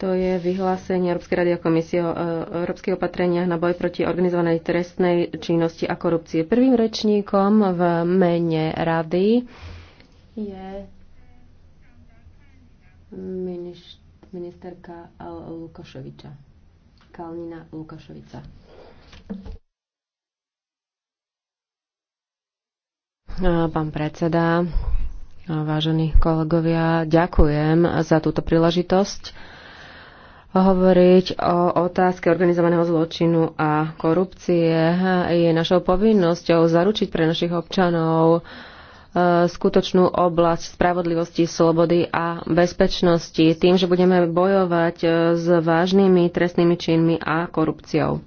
To je vyhlásenie Európskej rady a komisie o e, európskych opatreniach na boj proti organizovanej trestnej činnosti a korupcii. Prvým rečníkom v mene rady je ministerka Lukaševiča. Kalnina Lukaševica. Pán predseda, vážení kolegovia, ďakujem za túto príležitosť hovoriť o otázke organizovaného zločinu a korupcie. Je našou povinnosťou zaručiť pre našich občanov e, skutočnú oblasť spravodlivosti, slobody a bezpečnosti tým, že budeme bojovať e, s vážnymi trestnými činmi a korupciou.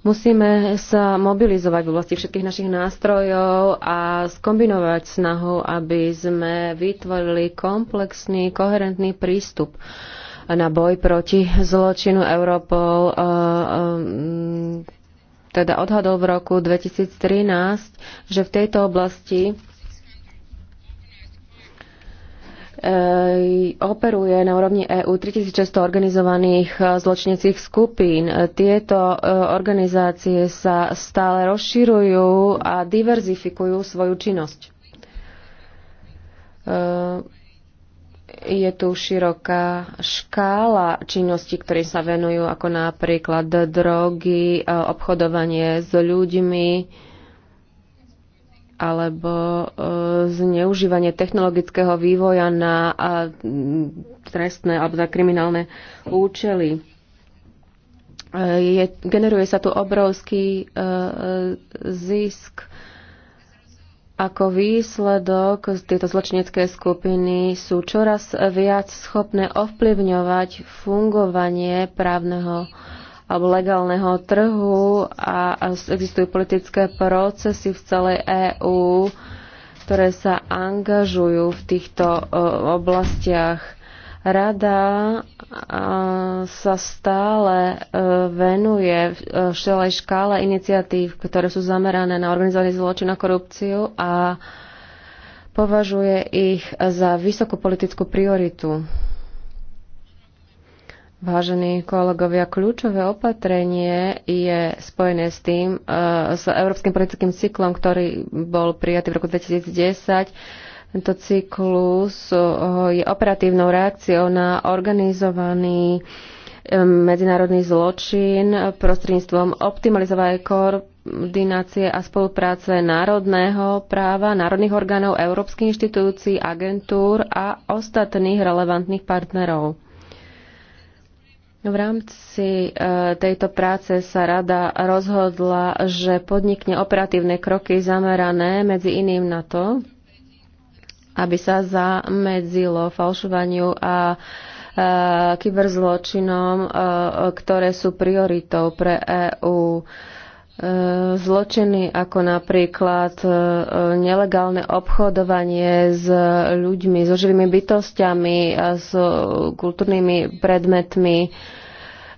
Musíme sa mobilizovať v oblasti všetkých našich nástrojov a skombinovať snahu, aby sme vytvorili komplexný, koherentný prístup na boj proti zločinu Europol eh, eh, teda odhadol v roku 2013, že v tejto oblasti eh, operuje na úrovni EÚ 3600 organizovaných zločineckých skupín. Tieto organizácie sa stále rozširujú a diverzifikujú svoju činnosť je tu široká škála činností, ktoré sa venujú, ako napríklad drogy, e, obchodovanie s ľuďmi alebo e, zneužívanie technologického vývoja na trestné alebo na kriminálne účely. E, je, generuje sa tu obrovský zisk ako výsledok, tieto zločinecké skupiny sú čoraz viac schopné ovplyvňovať fungovanie právneho alebo legálneho trhu a existujú politické procesy v celej EÚ, ktoré sa angažujú v týchto e, oblastiach Rada sa stále e, venuje v celej e, škále iniciatív, ktoré sú zamerané na organizovaný zločin a korupciu a považuje ich za vysokú politickú prioritu. Vážení kolegovia, kľúčové opatrenie je spojené s tým, e, s európskym politickým cyklom, ktorý bol prijatý v roku 2010 tento cyklus eh, je operatívnou reakciou na organizovaný eh, medzinárodný zločin prostredníctvom optimalizovanej koordinácie a spolupráce národného práva, národných orgánov, európskych inštitúcií, agentúr a ostatných relevantných partnerov. V rámci eh, tejto práce sa rada rozhodla, že podnikne operatívne kroky zamerané medzi iným na to, aby sa zamedzilo falšovaniu a e, kyberzločinom, e, ktoré sú prioritou pre EÚ. E, zločiny ako napríklad nelegálne obchodovanie s ľuďmi, so živými bytostiami, a s kultúrnymi predmetmi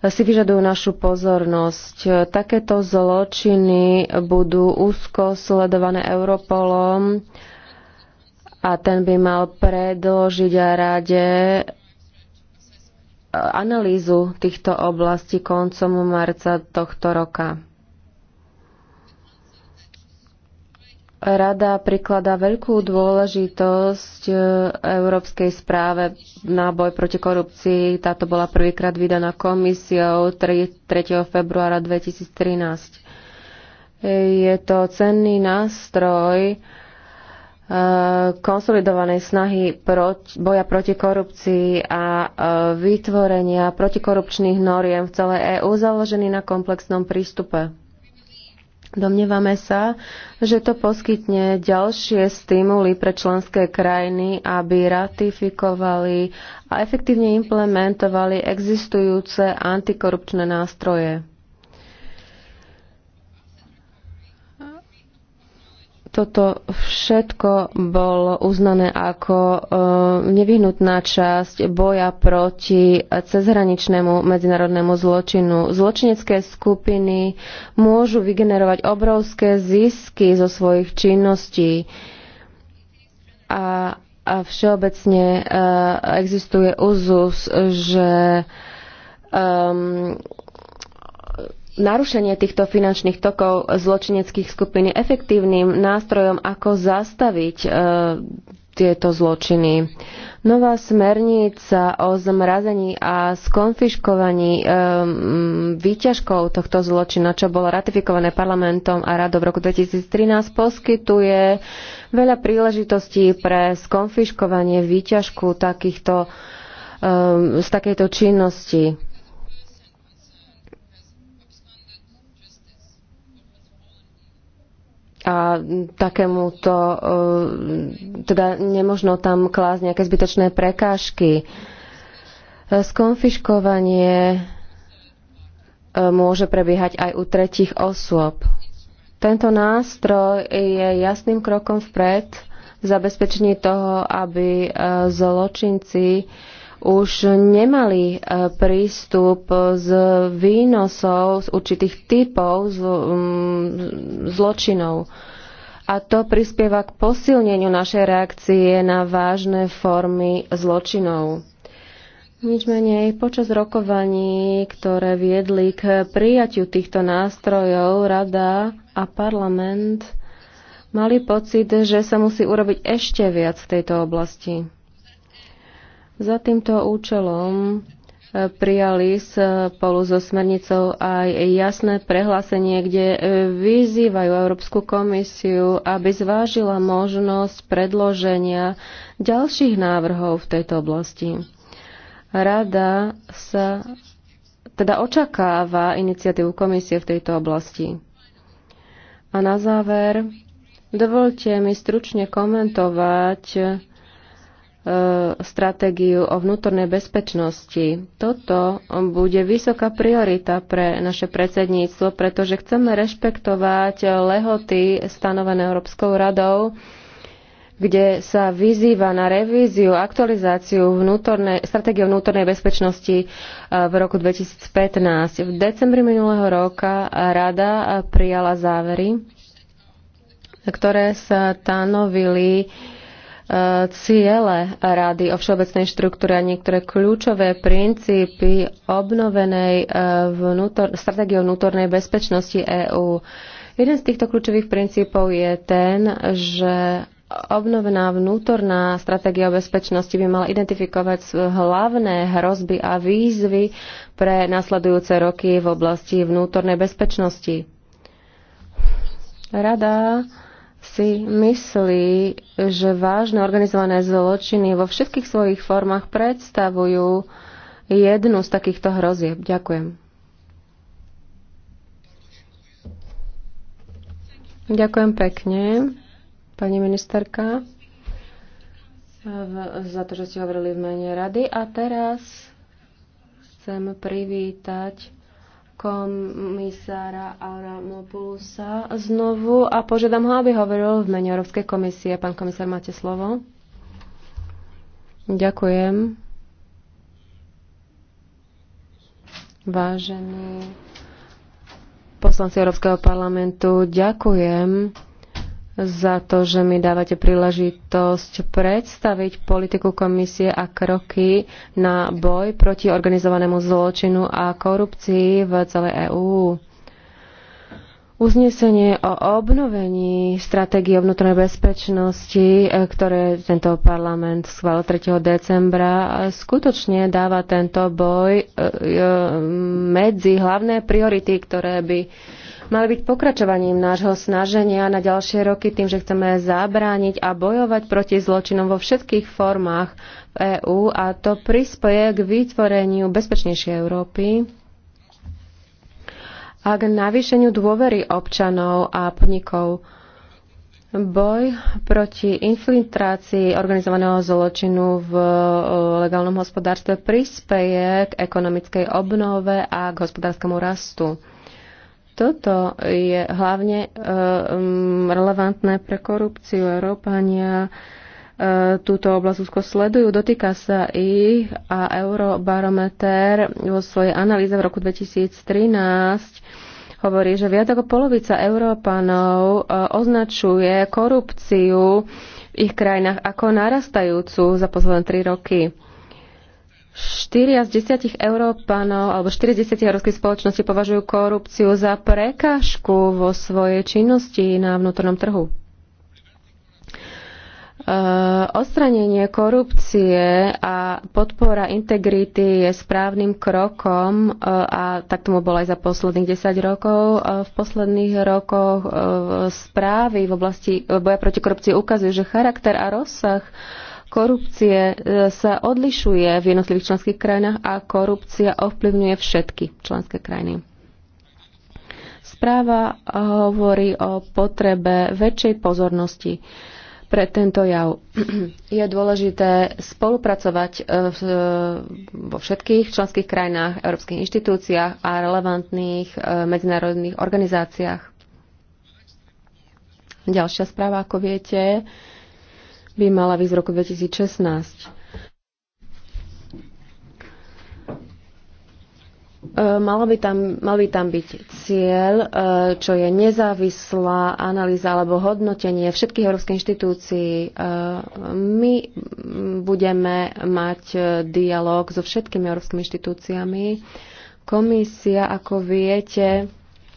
si vyžadujú našu pozornosť. Takéto zločiny budú úzko sledované Europolom a ten by mal predložiť a rade e, analýzu týchto oblastí koncom marca tohto roka. Rada prikladá veľkú dôležitosť e, Európskej správe na boj proti korupcii. Táto bola prvýkrát vydaná komisiou 3. februára 2013. Je to cenný nástroj, Eh, konsolidovanej snahy boja proti korupcii a eh, vytvorenia protikorupčných noriem v celej EÚ založený na komplexnom prístupe. Domnievame sa, že to poskytne ďalšie stimuly pre členské krajiny, aby ratifikovali a efektívne implementovali existujúce antikorupčné nástroje. Toto všetko bolo uznané ako e, nevyhnutná časť boja proti cezhraničnému medzinárodnému zločinu. Zločinecké skupiny môžu vygenerovať obrovské zisky zo svojich činností a, a všeobecne e, existuje úzus, že um, narušenie týchto finančných tokov zločineckých skupín je efektívnym nástrojom, ako zastaviť e, tieto zločiny. Nová smernica o zmrazení a skonfiškovaní e, výťažkov tohto zločina, čo bolo ratifikované parlamentom a radou v roku 2013, poskytuje veľa príležitostí pre skonfiškovanie výťažku takýchto, e, z takejto činnosti. a takémuto, e, teda nemožno tam klásť nejaké zbytočné prekážky. E, skonfiškovanie e, môže prebiehať aj u tretich osôb. Tento nástroj je jasným krokom vpred v zabezpečení toho, aby zločinci už nemali e, prístup z výnosov z určitých typov zločinov. A to prispieva k posilneniu našej reakcie na vážne formy zločinov. Nič menej, počas rokovaní, ktoré viedli k prijatiu týchto nástrojov, Rada a parlament mali pocit, že sa musí urobiť ešte viac v tejto oblasti. Za týmto účelom e, prijali e, spolu so smernicou aj jasné prehlásenie, kde e, vyzývajú Európsku komisiu, aby zvážila možnosť predloženia ďalších návrhov v tejto oblasti. Rada sa teda očakáva iniciatívu komisie v tejto oblasti. A na záver, dovolte mi stručne komentovať E, stratégiu o vnútornej bezpečnosti. Toto bude vysoká priorita pre naše predsedníctvo, pretože chceme rešpektovať lehoty stanovené Európskou radou, kde sa vyzýva na revíziu, aktualizáciu vnútornej, stratégie vnútornej bezpečnosti e, v roku 2015. V decembri minulého roka rada prijala závery, ktoré sa stanovili E, ciele Rady o všeobecnej štruktúre a niektoré kľúčové princípy obnovenej e, vnútor, stratégie vnútornej bezpečnosti EÚ. Jeden z týchto kľúčových princípov je ten, že obnovená vnútorná stratégia bezpečnosti by mala identifikovať hlavné hrozby a výzvy pre nasledujúce roky v oblasti vnútornej bezpečnosti. Rada si myslí, že vážne organizované zločiny vo všetkých svojich formách predstavujú jednu z takýchto hrozieb. Ďakujem. Ďakujem pekne, pani ministerka, za to, že ste hovorili v mene rady. A teraz chcem privítať komisára Aramopulusa znovu a požiadam ho, aby hovoril v mene Európskej komisie. Pán komisár, máte slovo. Ďakujem. Vážení poslanci Európskeho parlamentu, ďakujem za to, že mi dávate príležitosť predstaviť politiku komisie a kroky na boj proti organizovanému zločinu a korupcii v celej EÚ. Uznesenie o obnovení stratégie vnútornej bezpečnosti, ktoré tento parlament schválil 3. decembra, skutočne dáva tento boj e, e, medzi hlavné priority, ktoré by mali byť pokračovaním nášho snaženia na ďalšie roky tým, že chceme zabrániť a bojovať proti zločinom vo všetkých formách v EÚ a to prispieje k vytvoreniu bezpečnejšej Európy a k navýšeniu dôvery občanov a podnikov. Boj proti infiltrácii organizovaného zločinu v e, legálnom hospodárstve prispeje k ekonomickej obnove a k hospodárskému rastu. Toto je hlavne e, relevantné pre korupciu. Európania e, túto oblasť úzko sledujú, dotýka sa ich a Eurobarometer vo svojej analýze v roku 2013 hovorí, že viac ako polovica Európanov e, označuje korupciu v ich krajinách ako narastajúcu za posledné tri roky. 4 z 10 Európanov alebo 4 z 10 európskej spoločnosti považujú korupciu za prekážku vo svojej činnosti na vnútornom trhu. Eh, Ostranenie korupcie a podpora integrity je správnym krokom eh, a tak tomu bolo aj za posledných 10 rokov. Eh, v posledných rokoch správy v oblasti boja proti korupcii ukazujú, že charakter a rozsah korupcie e, sa odlišuje v jednotlivých členských krajinách a korupcia ovplyvňuje všetky členské krajiny. Správa e, hovorí o potrebe väčšej pozornosti pre tento jav. Je dôležité spolupracovať e, vo všetkých členských krajinách, európskych inštitúciách a relevantných medzinárodných organizáciách. Ďalšia správa, ako viete, by mala výsť v roku 2016. E, malo by tam, mal by tam byť cieľ, e, čo je nezávislá analýza alebo hodnotenie všetkých európskych inštitúcií. E, my budeme mať dialog so všetkými európskymi inštitúciami. Komisia, ako viete,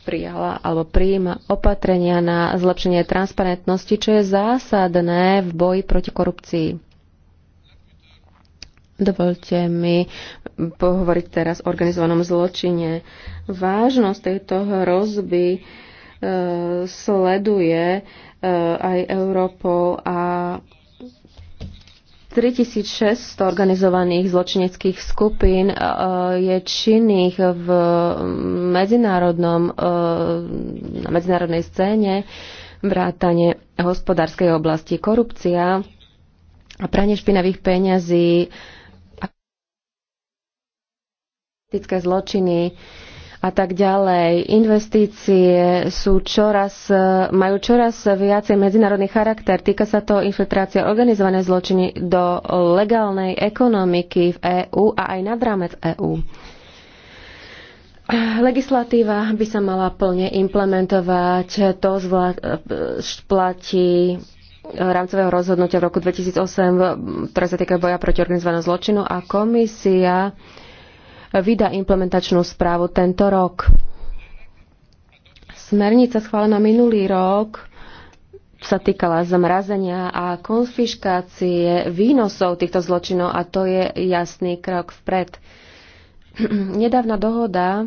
prijala alebo príjima opatrenia na zlepšenie transparentnosti, čo je zásadné v boji proti korupcii. Dovolte mi pohovoriť teraz o organizovanom zločine. Vážnosť tejto hrozby e, sleduje e, aj Europol a 3600 organizovaných zločineckých skupín e, e, je činných v medzinárodnom, e, na medzinárodnej scéne vrátane hospodárskej oblasti korupcia a pranie špinavých peňazí a zločiny a tak ďalej. Investície sú čoraz, e, majú čoraz viacej medzinárodný charakter. Týka sa to infiltrácia organizované zločiny do legálnej ekonomiky v EÚ a aj nad rámec EÚ. Legislatíva by sa mala plne implementovať. To zvla- e, platí rámcového rozhodnutia v roku 2008, ktoré sa týka boja proti organizovanému zločinu a komisia vydá implementačnú správu tento rok. Smernica schválená minulý rok sa týkala zmrazenia a konfiškácie výnosov týchto zločinov a to je jasný krok vpred. Nedávna dohoda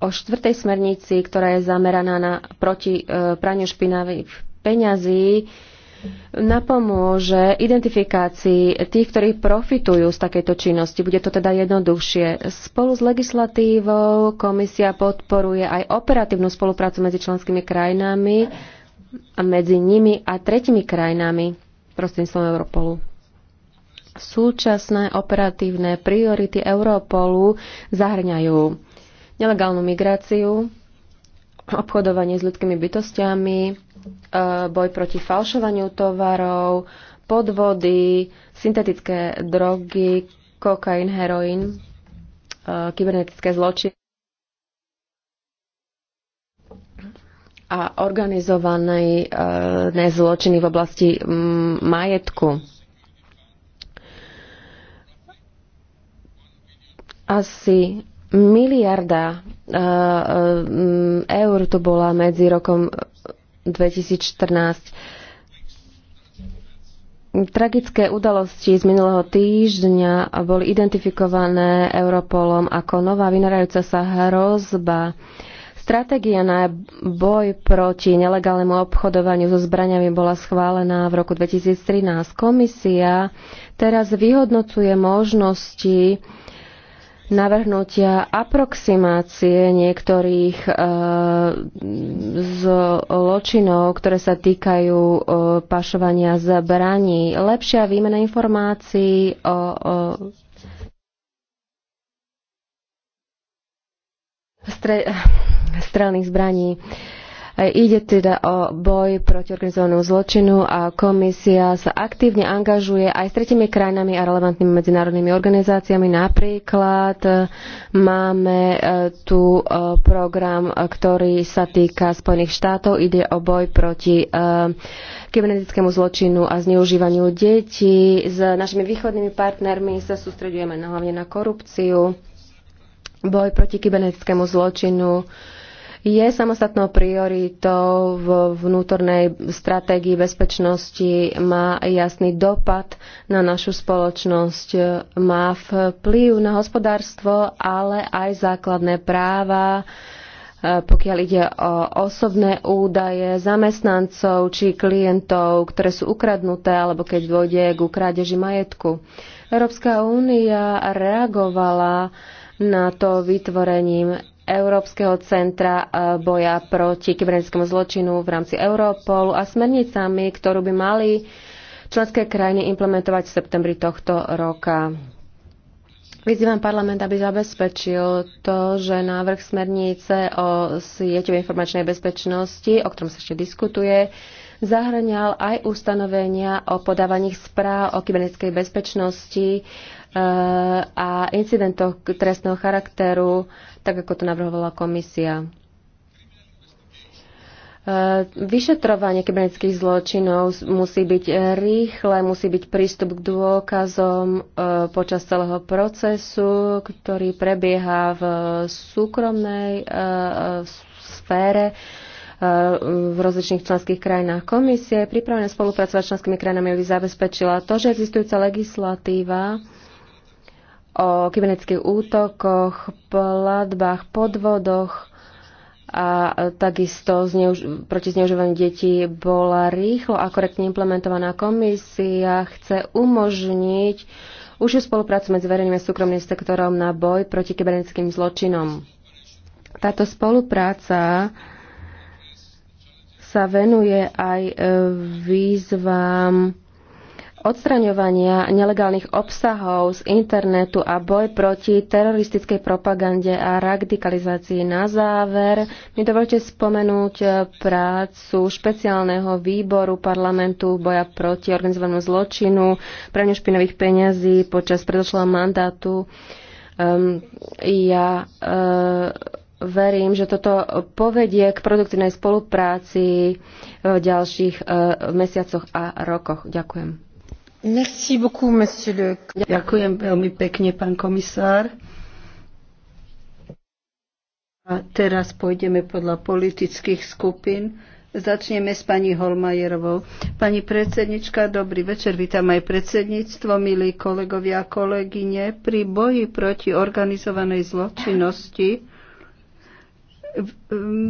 o štvrtej smernici, ktorá je zameraná na proti e, praniu špinavých peňazí, napomôže identifikácii tých, ktorí profitujú z takejto činnosti. Bude to teda jednoduchšie. Spolu s legislatívou komisia podporuje aj operatívnu spoluprácu medzi členskými krajinami a medzi nimi a tretimi krajinami prostredníctvom Europolu. Súčasné operatívne priority Europolu zahrňajú nelegálnu migráciu, obchodovanie s ľudskými bytostiami, Eh, boj proti falšovaniu tovarov, podvody, syntetické drogy, kokain, heroin, eh, kybernetické zločiny a organizované eh, zločiny v oblasti mm, majetku. Asi miliarda mm, eur to bola medzi rokom 2014. Tragické udalosti z minulého týždňa boli identifikované Europolom ako nová vynarajúca sa hrozba. Stratégia na boj proti nelegálnemu obchodovaniu so zbraniami bola schválená v roku 2013. Komisia teraz vyhodnocuje možnosti navrhnutia aproximácie niektorých eh, zločinov, ktoré sa týkajú eh, pašovania zbraní, lepšia výmena informácií o, o strelných zbraní. E, ide teda o boj proti organizovanému zločinu a komisia sa aktívne angažuje aj s tretimi krajinami a relevantnými medzinárodnými organizáciami. Napríklad e, máme e, tu program, ktorý sa týka Spojených štátov. Ide o boj proti kybernetickému zločinu a zneužívaniu detí. S našimi východnými partnermi sa sústredujeme hlavne na korupciu boj proti kybernetickému zločinu, je samostatnou prioritou v vnútornej stratégii bezpečnosti, má jasný dopad na našu spoločnosť, má vplyv na hospodárstvo, ale aj základné práva, e, pokiaľ ide o osobné údaje zamestnancov či klientov, ktoré sú ukradnuté alebo keď dôjde k ukrádeži majetku. Európska únia reagovala na to vytvorením Európskeho centra eh, boja proti kybernetickému zločinu v rámci Europolu a smernicami, ktorú by mali členské krajiny implementovať v septembri tohto roka. Vyzývam parlament, aby zabezpečil to, že návrh smernice o sieťovej informačnej bezpečnosti, o ktorom sa ešte diskutuje, zahrňal aj ustanovenia o podávaní správ o kybernetickej bezpečnosti E, a incidentoch trestného charakteru, tak ako to navrhovala komisia. E, vyšetrovanie kybernetických zločinov musí byť rýchle, musí byť prístup k dôkazom e, počas celého procesu, ktorý prebieha v súkromnej sfére v rozličných členských krajinách. Komisie Pripravené pripravená spolupracovať s členskými krajinami, by zabezpečila to, že existujúca legislatíva o kybernetických útokoch, platbách, podvodoch a takisto zneuž- proti zneužívaniu detí bola rýchlo a korektne implementovaná komisia. Chce umožniť užšiu spoluprácu medzi verejným a súkromným sektorom na boj proti kybernetickým zločinom. Táto spolupráca sa venuje aj e, výzvam odstraňovania nelegálnych obsahov z internetu a boj proti teroristickej propagande a radikalizácii. Na záver mi dovolte spomenúť eh, prácu špeciálneho výboru parlamentu boja proti organizovanému zločinu, praniu špinových peňazí počas predošlého mandátu. Um, ja uh, verím, že toto povedie k produktívnej spolupráci v ďalších eh, mesiacoch a rokoch. Ďakujem. Ďakujem veľmi pekne, pán komisár. A teraz pôjdeme podľa politických skupín. Začneme s pani Holmajerovou. Pani predsednička, dobrý večer, vítam aj predsedníctvo, milí kolegovia a kolegyne. Pri boji proti organizovanej zločinnosti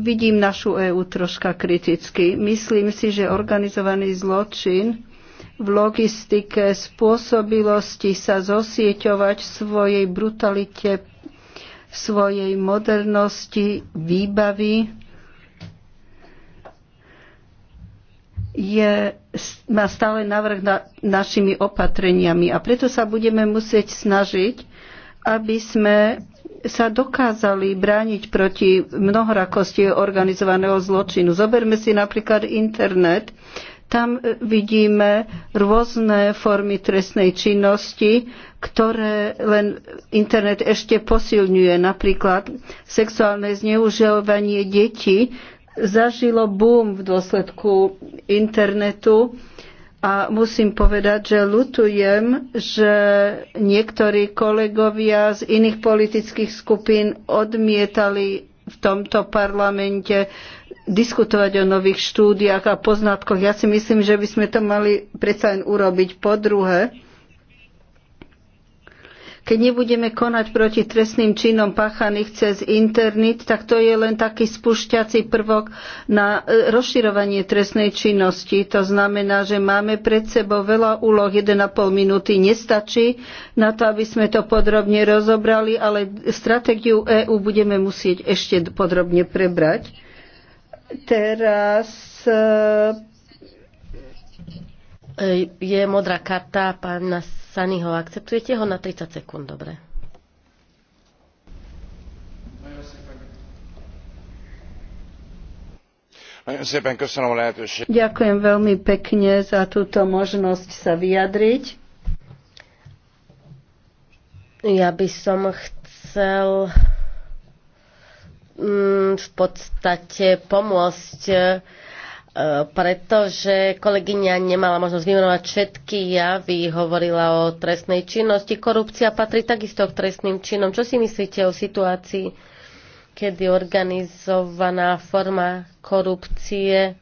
vidím našu EÚ troška kriticky. Myslím si, že organizovaný zločin v logistike, spôsobilosti sa zosieťovať svojej brutalite, svojej modernosti, výbavy. Je, má stále navrh na, našimi opatreniami a preto sa budeme musieť snažiť, aby sme sa dokázali brániť proti mnohorakosti organizovaného zločinu. Zoberme si napríklad internet tam e, vidíme rôzne formy trestnej činnosti, ktoré len internet ešte posilňuje. Napríklad sexuálne zneužívanie detí zažilo boom v dôsledku internetu. A musím povedať, že lutujem, že niektorí kolegovia z iných politických skupín odmietali v tomto parlamente diskutovať o nových štúdiách a poznatkoch. Ja si myslím, že by sme to mali predsa len urobiť. Po druhé, keď nebudeme konať proti trestným činom páchaných cez internet, tak to je len taký spúšťací prvok na e, rozširovanie trestnej činnosti. To znamená, že máme pred sebou veľa úloh, 1,5 minúty nestačí na to, aby sme to podrobne rozobrali, ale stratégiu EÚ budeme musieť ešte podrobne prebrať. Teraz e, je modrá karta pána Saniho. Akceptujete ho na 30 sekúnd, dobre? Ďakujem veľmi pekne za túto možnosť sa vyjadriť. Ja by som chcel Mm, v podstate pomôcť e, pretože kolegyňa nemala možnosť vymenovať všetky javy, hovorila o trestnej činnosti. Korupcia patrí takisto k trestným činom. Čo si myslíte o situácii, kedy organizovaná forma korupcie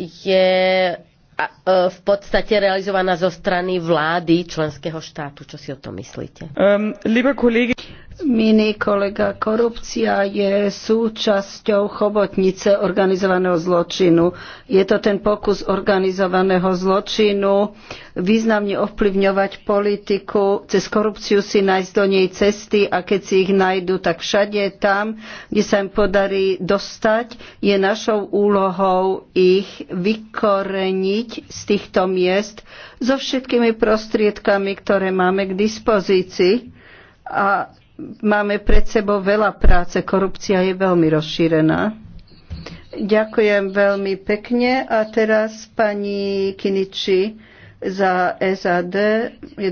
je e, v podstate realizovaná zo strany vlády členského štátu. Čo si o tom myslíte? Um, Miný kolega, korupcia je súčasťou chobotnice organizovaného zločinu. Je to ten pokus organizovaného zločinu významne ovplyvňovať politiku, cez korupciu si nájsť do nej cesty a keď si ich nájdu, tak všade tam, kde sa im podarí dostať, je našou úlohou ich vykoreniť z týchto miest so všetkými prostriedkami, ktoré máme k dispozícii. A máme pred sebou veľa práce, korupcia je veľmi rozšírená. Ďakujem veľmi pekne a teraz pani Kiniči za SAD 1,5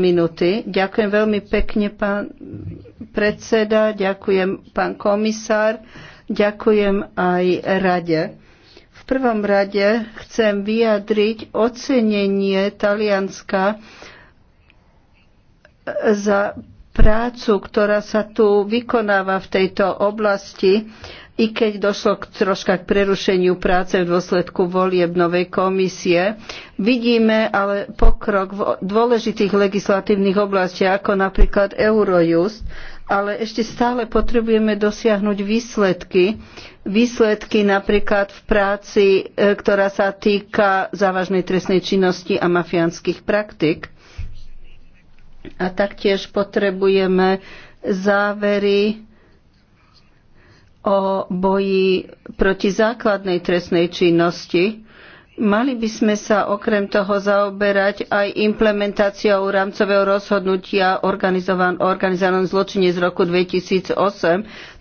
minúty. Ďakujem veľmi pekne, pán predseda, ďakujem pán komisár, ďakujem aj rade. V prvom rade chcem vyjadriť ocenenie Talianska za prácu, ktorá sa tu vykonáva v tejto oblasti, i keď došlo k, troška k prerušeniu práce v dôsledku volieb novej komisie. Vidíme ale pokrok v dôležitých legislatívnych oblastiach, ako napríklad Eurojust, ale ešte stále potrebujeme dosiahnuť výsledky. Výsledky napríklad v práci, e, ktorá sa týka závažnej trestnej činnosti a mafiánskych praktik a taktiež potrebujeme závery o boji proti základnej trestnej činnosti. Mali by sme sa okrem toho zaoberať aj implementáciou rámcového rozhodnutia o organizovan organizovanom zločine z roku 2008.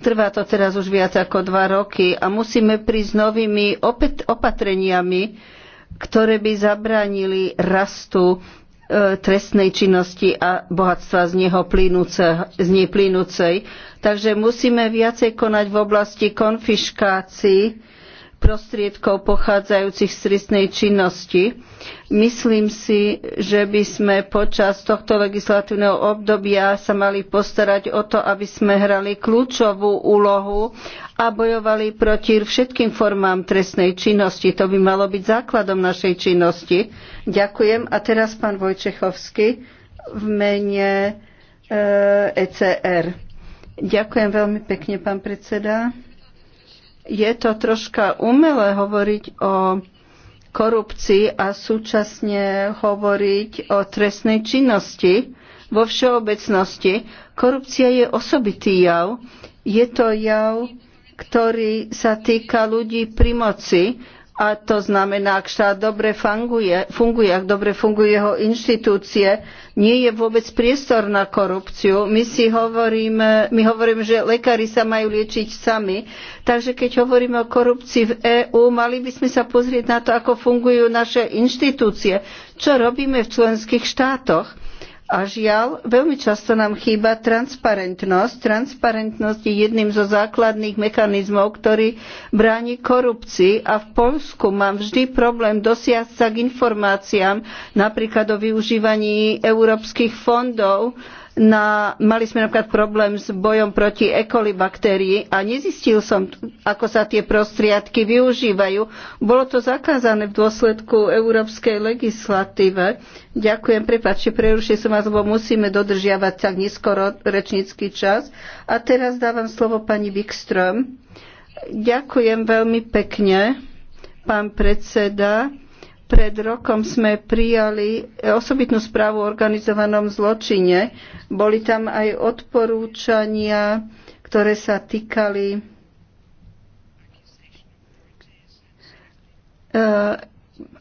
Trvá to teraz už viac ako dva roky a musíme prísť novými opatreniami, ktoré by zabránili rastu E, trestnej činnosti a bohatstva z, neho plínuce, z nej plynúcej. Takže musíme viacej konať v oblasti konfiškácií prostriedkov pochádzajúcich z trestnej činnosti. Myslím si, že by sme počas tohto legislatívneho obdobia sa mali postarať o to, aby sme hrali kľúčovú úlohu a bojovali proti všetkým formám trestnej činnosti. To by malo byť základom našej činnosti. Ďakujem. A teraz pán Vojčechovský v mene ECR. E Ďakujem veľmi pekne, pán predseda je to troška umelé hovoriť o korupcii a súčasne hovoriť o trestnej činnosti vo všeobecnosti. Korupcia je osobitý jav. Je to jav, ktorý sa týka ľudí pri moci a to znamená, ak štát dobre funguje, funguje, ak dobre fungujú jeho inštitúcie, nie je vôbec priestor na korupciu. My si hovoríme, my hovoríme, že lekári sa majú liečiť sami. Takže keď hovoríme o korupcii v EÚ, mali by sme sa pozrieť na to, ako fungujú naše inštitúcie. Čo robíme v členských štátoch? A žiaľ, veľmi často nám chýba transparentnosť. Transparentnosť je jedným zo základných mechanizmov, ktorý bráni korupcii a v Polsku mám vždy problém dosiať sa k informáciám, napríklad o využívaní európskych fondov, na, mali sme napríklad problém s bojom proti E. coli baktérii a nezistil som, ako sa tie prostriedky využívajú. Bolo to zakázané v dôsledku európskej legislatíve. Ďakujem, prepáčte, prerušil som vás, lebo musíme dodržiavať tak neskoro rečnícky čas. A teraz dávam slovo pani Wikström. Ďakujem veľmi pekne, pán predseda. Pred rokom sme prijali osobitnú správu o organizovanom zločine. Boli tam aj odporúčania, ktoré sa týkali e,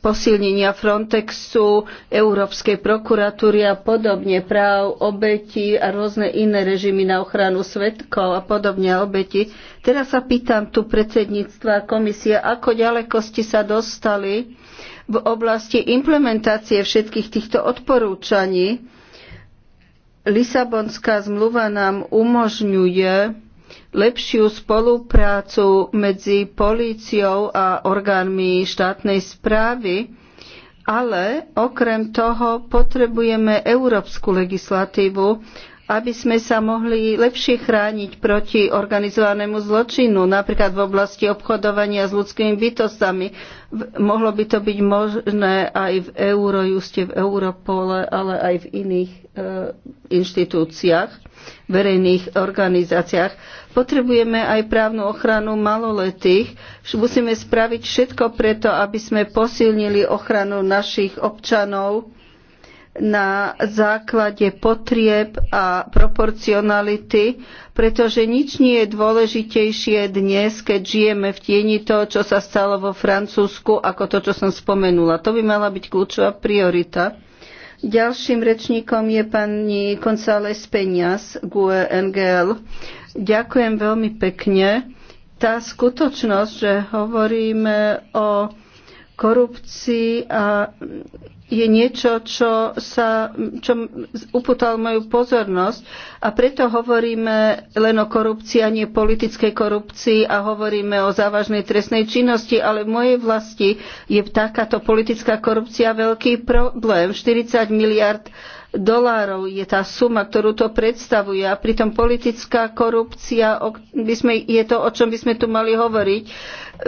posilnenia Frontexu, Európskej prokuratúry a podobne, práv obeti a rôzne iné režimy na ochranu svetkov a podobne obeti. Teraz sa pýtam tu predsedníctva komisie, ako ďaleko ste sa dostali v oblasti implementácie všetkých týchto odporúčaní. Lisabonská zmluva nám umožňuje lepšiu spoluprácu medzi políciou a orgánmi štátnej správy, ale okrem toho potrebujeme európsku legislatívu, aby sme sa mohli lepšie chrániť proti organizovanému zločinu, napríklad v oblasti obchodovania s ľudskými bytostami. Mohlo by to byť možné aj v Eurojuste, v Europole, ale aj v iných e, inštitúciách, verejných organizáciách. Potrebujeme aj právnu ochranu maloletých. Musíme spraviť všetko preto, aby sme posilnili ochranu našich občanov na základe potrieb a proporcionality, pretože nič nie je dôležitejšie dnes, keď žijeme v tieni toho, čo sa stalo vo Francúzsku, ako to, čo som spomenula. To by mala byť kľúčová priorita. Ďalším rečníkom je pani González Peňas, GUE NGL. Ďakujem veľmi pekne. Tá skutočnosť, že hovoríme o korupcii a je niečo, čo, sa, čo uputal moju pozornosť a preto hovoríme len o korupcii a nie politickej korupcii a hovoríme o závažnej trestnej činnosti, ale v mojej vlasti je takáto politická korupcia veľký problém. 40 miliard dolárov je tá suma, ktorú to predstavuje. A pritom politická korupcia by sme, je to, o čom by sme tu mali hovoriť.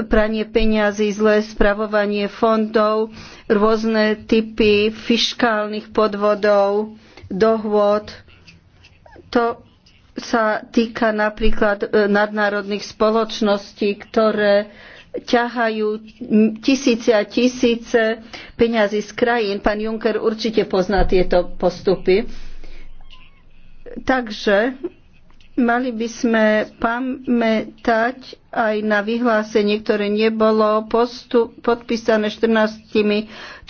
Pranie peňazí, zlé spravovanie fondov, rôzne typy fiškálnych podvodov, dohôd. To sa týka napríklad e, nadnárodných spoločností, ktoré ťahajú tisíce a tisíce peňazí z krajín. Pán Juncker určite pozná tieto postupy. Takže mali by sme pamätať aj na vyhlásenie, ktoré nebolo postup, podpísané 14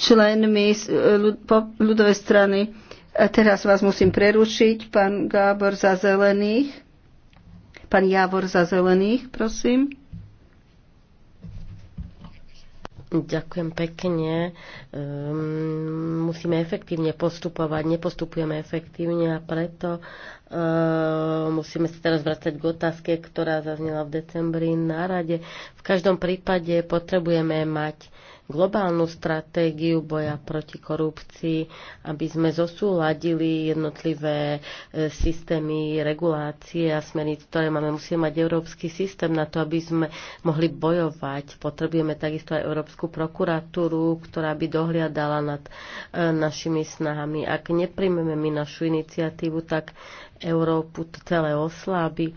členmi e, ľudovej strany. A teraz vás musím prerušiť, pán Gábor za zelených. Pán Javor za zelených, prosím. Ďakujem pekne. Um, musíme efektívne postupovať, nepostupujeme efektívne a preto uh, musíme sa teraz vrácať k otázke, ktorá zaznela v decembri na rade. V každom prípade potrebujeme mať globálnu stratégiu boja proti korupcii, aby sme zosúladili jednotlivé e, systémy regulácie a smerníc, ktoré máme. Musíme mať európsky systém na to, aby sme mohli bojovať. Potrebujeme takisto aj Európsku prokuratúru, ktorá by dohliadala nad e, našimi snahami. Ak neprimeme my našu iniciatívu, tak Európu to celé oslábi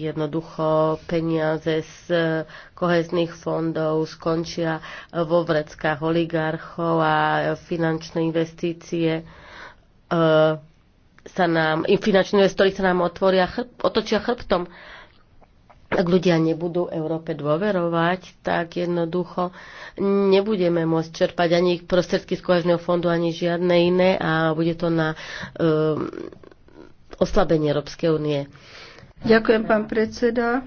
Jednoducho peniaze z eh, kohezných fondov skončia eh, vo vreckách oligarchov a finančné investície eh, sa nám, finančné investory sa nám otvoria, chrb, otočia chrbtom. Ak ľudia nebudú Európe dôverovať, tak jednoducho nebudeme môcť čerpať ani ich prostriedky z kohezného fondu, ani žiadne iné a bude to na um, oslabenie Európskej únie. Ďakujem, pán predseda.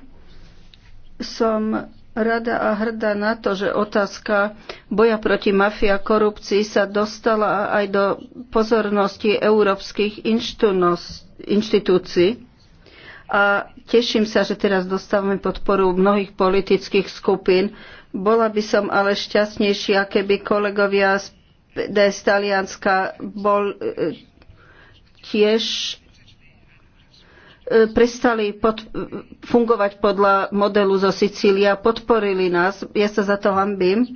Som rada a hrdá na to, že otázka boja proti mafii a korupcii sa dostala aj do pozornosti európskych inštitúcií. A teším sa, že teraz dostávame podporu mnohých politických skupín. Bola by som ale šťastnejšia, keby kolegovia z, PDS Talianska bol e, tiež E, prestali pod, e, fungovať podľa modelu zo Sicília, podporili nás, ja sa za to hambím.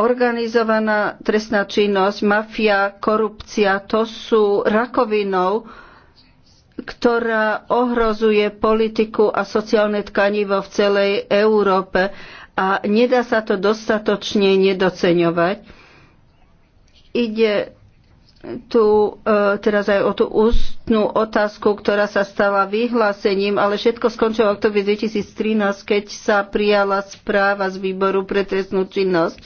Organizovaná trestná činnosť, mafia, korupcia, to sú rakovinou, ktorá ohrozuje politiku a sociálne tkanivo v celej Európe a nedá sa to dostatočne nedoceňovať. Ide tu e, teraz aj o tú ústnú otázku, ktorá sa stala vyhlásením, ale všetko skončilo v oktobri 2013, keď sa prijala správa z výboru pre trestnú činnosť.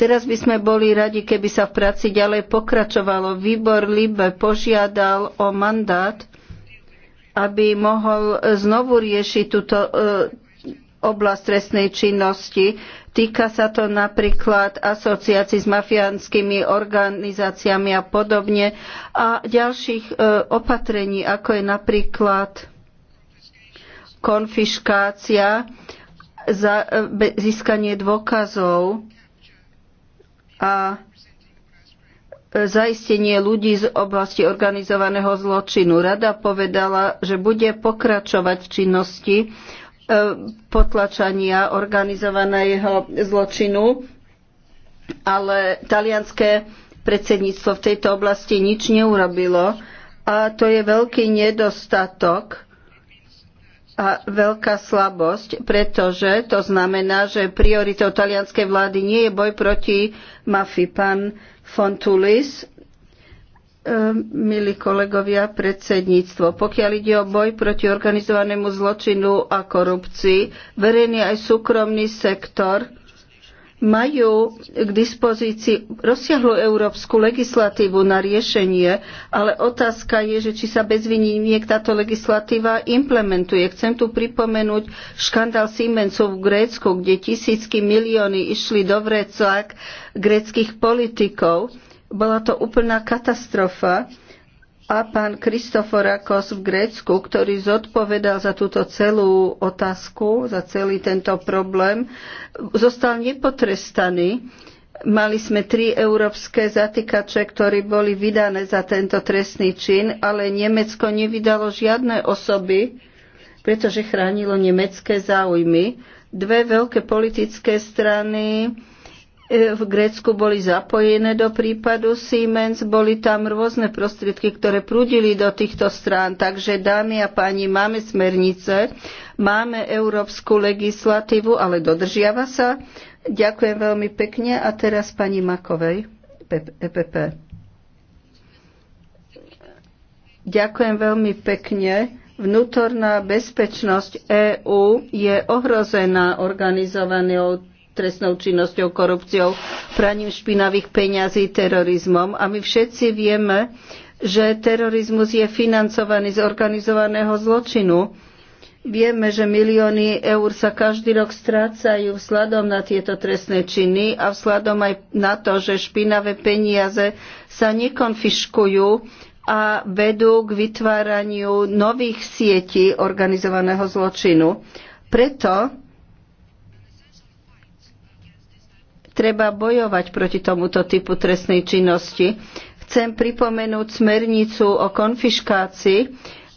Teraz by sme boli radi, keby sa v práci ďalej pokračovalo. Výbor Libe požiadal o mandát, aby mohol znovu riešiť túto e, oblasť trestnej činnosti. Týka sa to napríklad asociácií s mafiánskymi organizáciami a podobne a ďalších e, opatrení, ako je napríklad konfiškácia, e, získanie dôkazov a e, zaistenie ľudí z oblasti organizovaného zločinu. Rada povedala, že bude pokračovať v činnosti, E, potlačania organizovaného zločinu, ale talianské predsedníctvo v tejto oblasti nič neurobilo a to je veľký nedostatok a veľká slabosť, pretože to znamená, že prioritou talianskej vlády nie je boj proti mafii. Pán Fontulis E, milí kolegovia, predsedníctvo. Pokiaľ ide o boj proti organizovanému zločinu a korupcii, verejný aj súkromný sektor majú k dispozícii rozsiahlu európsku legislatívu na riešenie, ale otázka je, že či sa bez výnimiek táto legislatíva implementuje. Chcem tu pripomenúť škandál Siemensov v Grécku, kde tisícky milióny išli do vrecák gréckých politikov bola to úplná katastrofa a pán Kristoforakos v Grécku, ktorý zodpovedal za túto celú otázku, za celý tento problém, zostal nepotrestaný. Mali sme tri európske zatýkače, ktorí boli vydané za tento trestný čin, ale Nemecko nevydalo žiadne osoby, pretože chránilo nemecké záujmy. Dve veľké politické strany E, v Grécku boli zapojené do prípadu Siemens, boli tam rôzne prostriedky, ktoré prúdili do týchto strán. Takže, dámy a páni, máme smernice, máme európsku legislatívu, ale dodržiava sa. Ďakujem veľmi pekne. A teraz pani Makovej, EPP. Ďakujem veľmi pekne. Vnútorná bezpečnosť EÚ je ohrozená organizovanou trestnou činnosťou, korupciou, praním špinavých peňazí, terorizmom. A my všetci vieme, že terorizmus je financovaný z organizovaného zločinu. Vieme, že milióny eur sa každý rok strácajú vzhľadom na tieto trestné činy a vzhľadom aj na to, že špinavé peniaze sa nekonfiškujú a vedú k vytváraniu nových sietí organizovaného zločinu. Preto Treba bojovať proti tomuto typu trestnej činnosti. Chcem pripomenúť smernicu o konfiškácii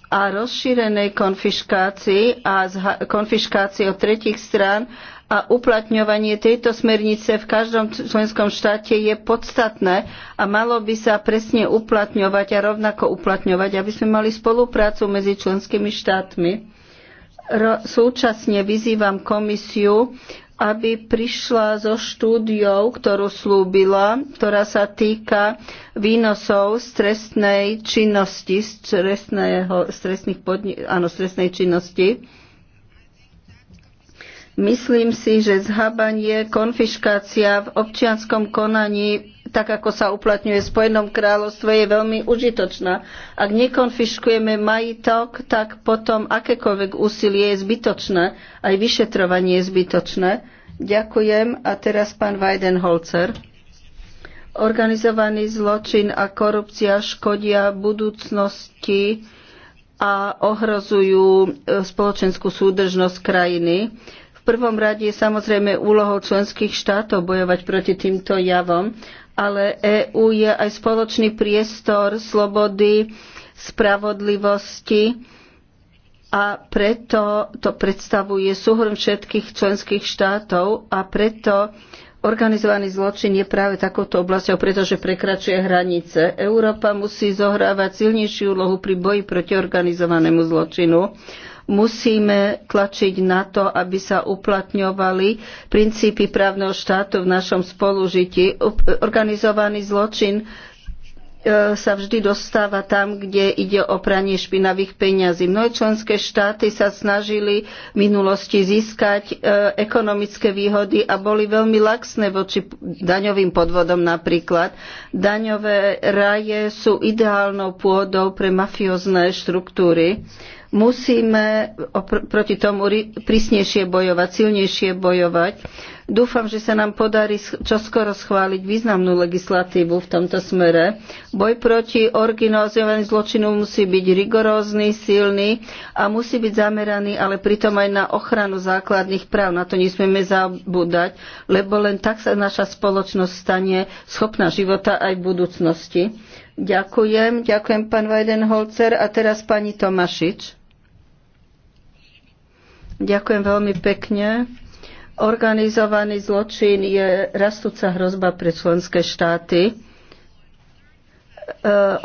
a rozšírenej konfiškácii a konfiškácii od tretich strán a uplatňovanie tejto smernice v každom členskom štáte je podstatné a malo by sa presne uplatňovať a rovnako uplatňovať, aby sme mali spoluprácu medzi členskými štátmi. Súčasne vyzývam komisiu, aby prišla so štúdiou, ktorú slúbila, ktorá sa týka výnosov stresnej činnosti, stresných podni- áno, stresnej činnosti. Myslím si, že zhabanie, konfiškácia v občianskom konaní tak ako sa uplatňuje v Spojenom kráľovstve, je veľmi užitočná. Ak nekonfiškujeme majitok, tak potom akékoľvek úsilie je zbytočné, aj vyšetrovanie je zbytočné. Ďakujem a teraz pán Weidenholzer. Organizovaný zločin a korupcia škodia budúcnosti a ohrozujú e, spoločenskú súdržnosť krajiny prvom rade je samozrejme úlohou členských štátov bojovať proti týmto javom, ale EÚ je aj spoločný priestor slobody, spravodlivosti a preto to predstavuje súhrn všetkých členských štátov a preto organizovaný zločin je práve takouto oblasťou, pretože prekračuje hranice. Európa musí zohrávať silnejšiu úlohu pri boji proti organizovanému zločinu musíme tlačiť na to, aby sa uplatňovali princípy právneho štátu v našom spolužití. Organizovaný zločin e, sa vždy dostáva tam, kde ide o pranie špinavých peňazí. Mnohé členské štáty sa snažili v minulosti získať e, ekonomické výhody a boli veľmi laxné voči daňovým podvodom napríklad. Daňové raje sú ideálnou pôdou pre mafiózne štruktúry. Musíme proti tomu prísnejšie bojovať, silnejšie bojovať. Dúfam, že sa nám podarí čoskoro schváliť významnú legislatívu v tomto smere. Boj proti organizovaným zločinu musí byť rigorózny, silný a musí byť zameraný ale pritom aj na ochranu základných práv. Na to nesmieme zabúdať, lebo len tak sa naša spoločnosť stane schopná života aj v budúcnosti. Ďakujem. Ďakujem, pán Weidenholzer. A teraz pani Tomašič. Ďakujem veľmi pekne. Organizovaný zločin je rastúca hrozba pre členské štáty. E,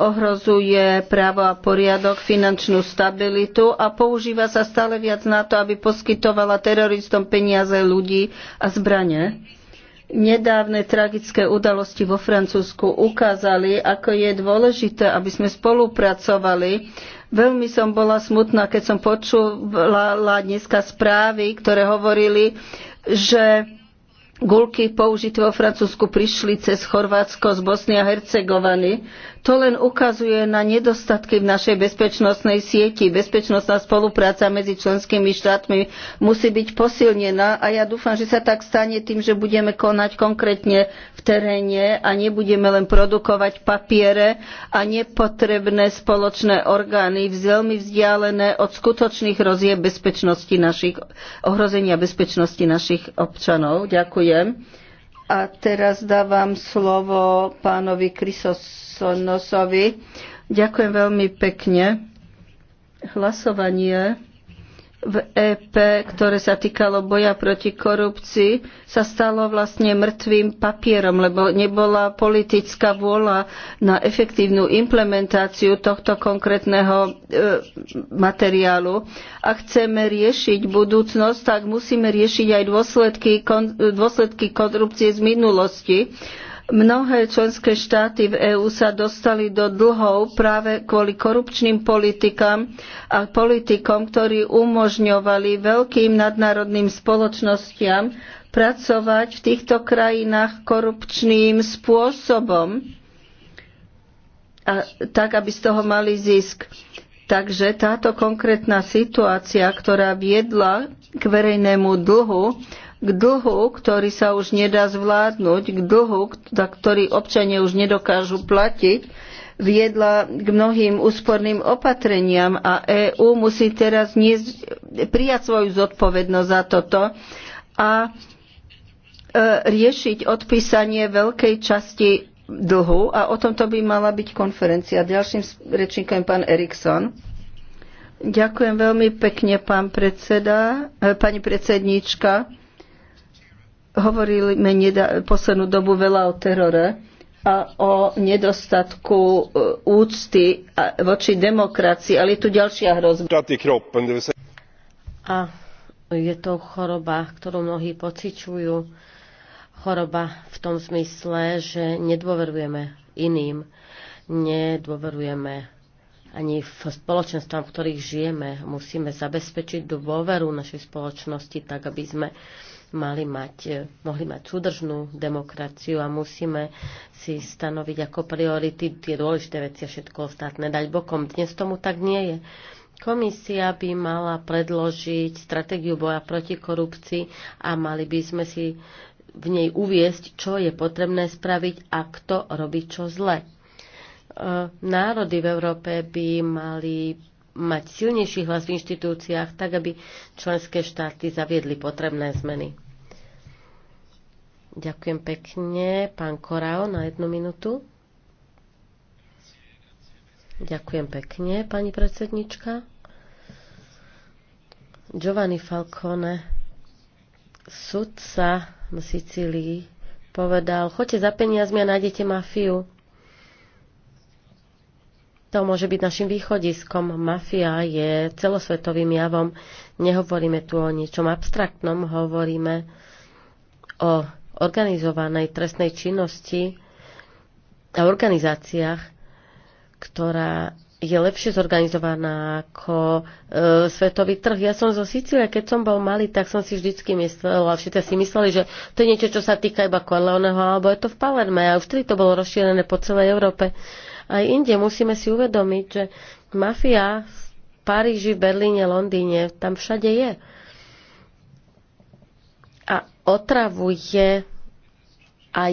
ohrozuje právo a poriadok, finančnú stabilitu a používa sa stále viac na to, aby poskytovala teroristom peniaze ľudí a zbranie. Nedávne tragické udalosti vo Francúzsku ukázali, ako je dôležité, aby sme spolupracovali Veľmi som bola smutná, keď som počula dneska správy, ktoré hovorili, že Gulky použité vo Francúzsku prišli cez Chorvátsko z Bosny a Hercegovany. To len ukazuje na nedostatky v našej bezpečnostnej sieti. Bezpečnostná spolupráca medzi členskými štátmi musí byť posilnená a ja dúfam, že sa tak stane tým, že budeme konať konkrétne v teréne a nebudeme len produkovať papiere a nepotrebné spoločné orgány veľmi vzdialené od skutočných rozdieb bezpečnosti našich, ohrozenia bezpečnosti našich občanov. Ďakujem. A teraz dávam slovo pánovi Krysosonosovi. Ďakujem veľmi pekne. Hlasovanie v EP, ktoré sa týkalo boja proti korupcii, sa stalo vlastne mŕtvým papierom, lebo nebola politická vôľa na efektívnu implementáciu tohto konkrétneho e, materiálu. Ak chceme riešiť budúcnosť, tak musíme riešiť aj dôsledky, kon, dôsledky korupcie z minulosti. Mnohé členské štáty v EÚ sa dostali do dlhov práve kvôli korupčným politikám a politikom, ktorí umožňovali veľkým nadnárodným spoločnostiam pracovať v týchto krajinách korupčným spôsobom, a, tak aby z toho mali zisk. Takže táto konkrétna situácia, ktorá viedla k verejnému dlhu, k dlhu, ktorý sa už nedá zvládnuť, k dlhu, za ktorý občania už nedokážu platiť, viedla k mnohým úsporným opatreniam a EÚ musí teraz niesť, prijať svoju zodpovednosť za toto a e, riešiť odpísanie veľkej časti dlhu a o tomto by mala byť konferencia. Ďalším rečníkom je pán Erikson. Ďakujem veľmi pekne, pán predseda, e, pani predsedníčka. Hovorili Hovoríme poslednú dobu veľa o terore a o nedostatku e, úcty voči demokracii, ale je tu ďalšia hrozba. A je to choroba, ktorú mnohí pociťujú. Choroba v tom zmysle, že nedôverujeme iným, nedôverujeme ani v spoločenstvách, v ktorých žijeme. Musíme zabezpečiť dôveru našej spoločnosti tak, aby sme mali mať, eh, mohli mať súdržnú demokraciu a musíme si stanoviť ako priority tie dôležité veci a všetko ostatné dať bokom. Dnes tomu tak nie je. Komisia by mala predložiť stratégiu boja proti korupcii a mali by sme si v nej uviesť, čo je potrebné spraviť a kto robí čo zle. Eh, Národy v Európe by mali mať silnejší hlas v inštitúciách, tak aby členské štáty zaviedli potrebné zmeny. Ďakujem pekne. Pán Korao na jednu minútu. Ďakujem pekne, pani predsednička. Giovanni Falcone, sudca v Sicílii, povedal, choďte za peniazmi a nájdete mafiu. To môže byť našim východiskom. Mafia je celosvetovým javom. Nehovoríme tu o niečom abstraktnom, hovoríme o organizovanej trestnej činnosti a organizáciách, ktorá je lepšie zorganizovaná ako e, svetový trh. Ja som zo Sicílie, keď som bol malý, tak som si vždycky myslel, a všetci si mysleli, že to je niečo, čo sa týka iba Corleoneho, alebo je to v Palerme. A už vtedy to bolo rozšírené po celej Európe aj inde. Musíme si uvedomiť, že mafia v Paríži, Berlíne, Londýne, tam všade je. A otravuje aj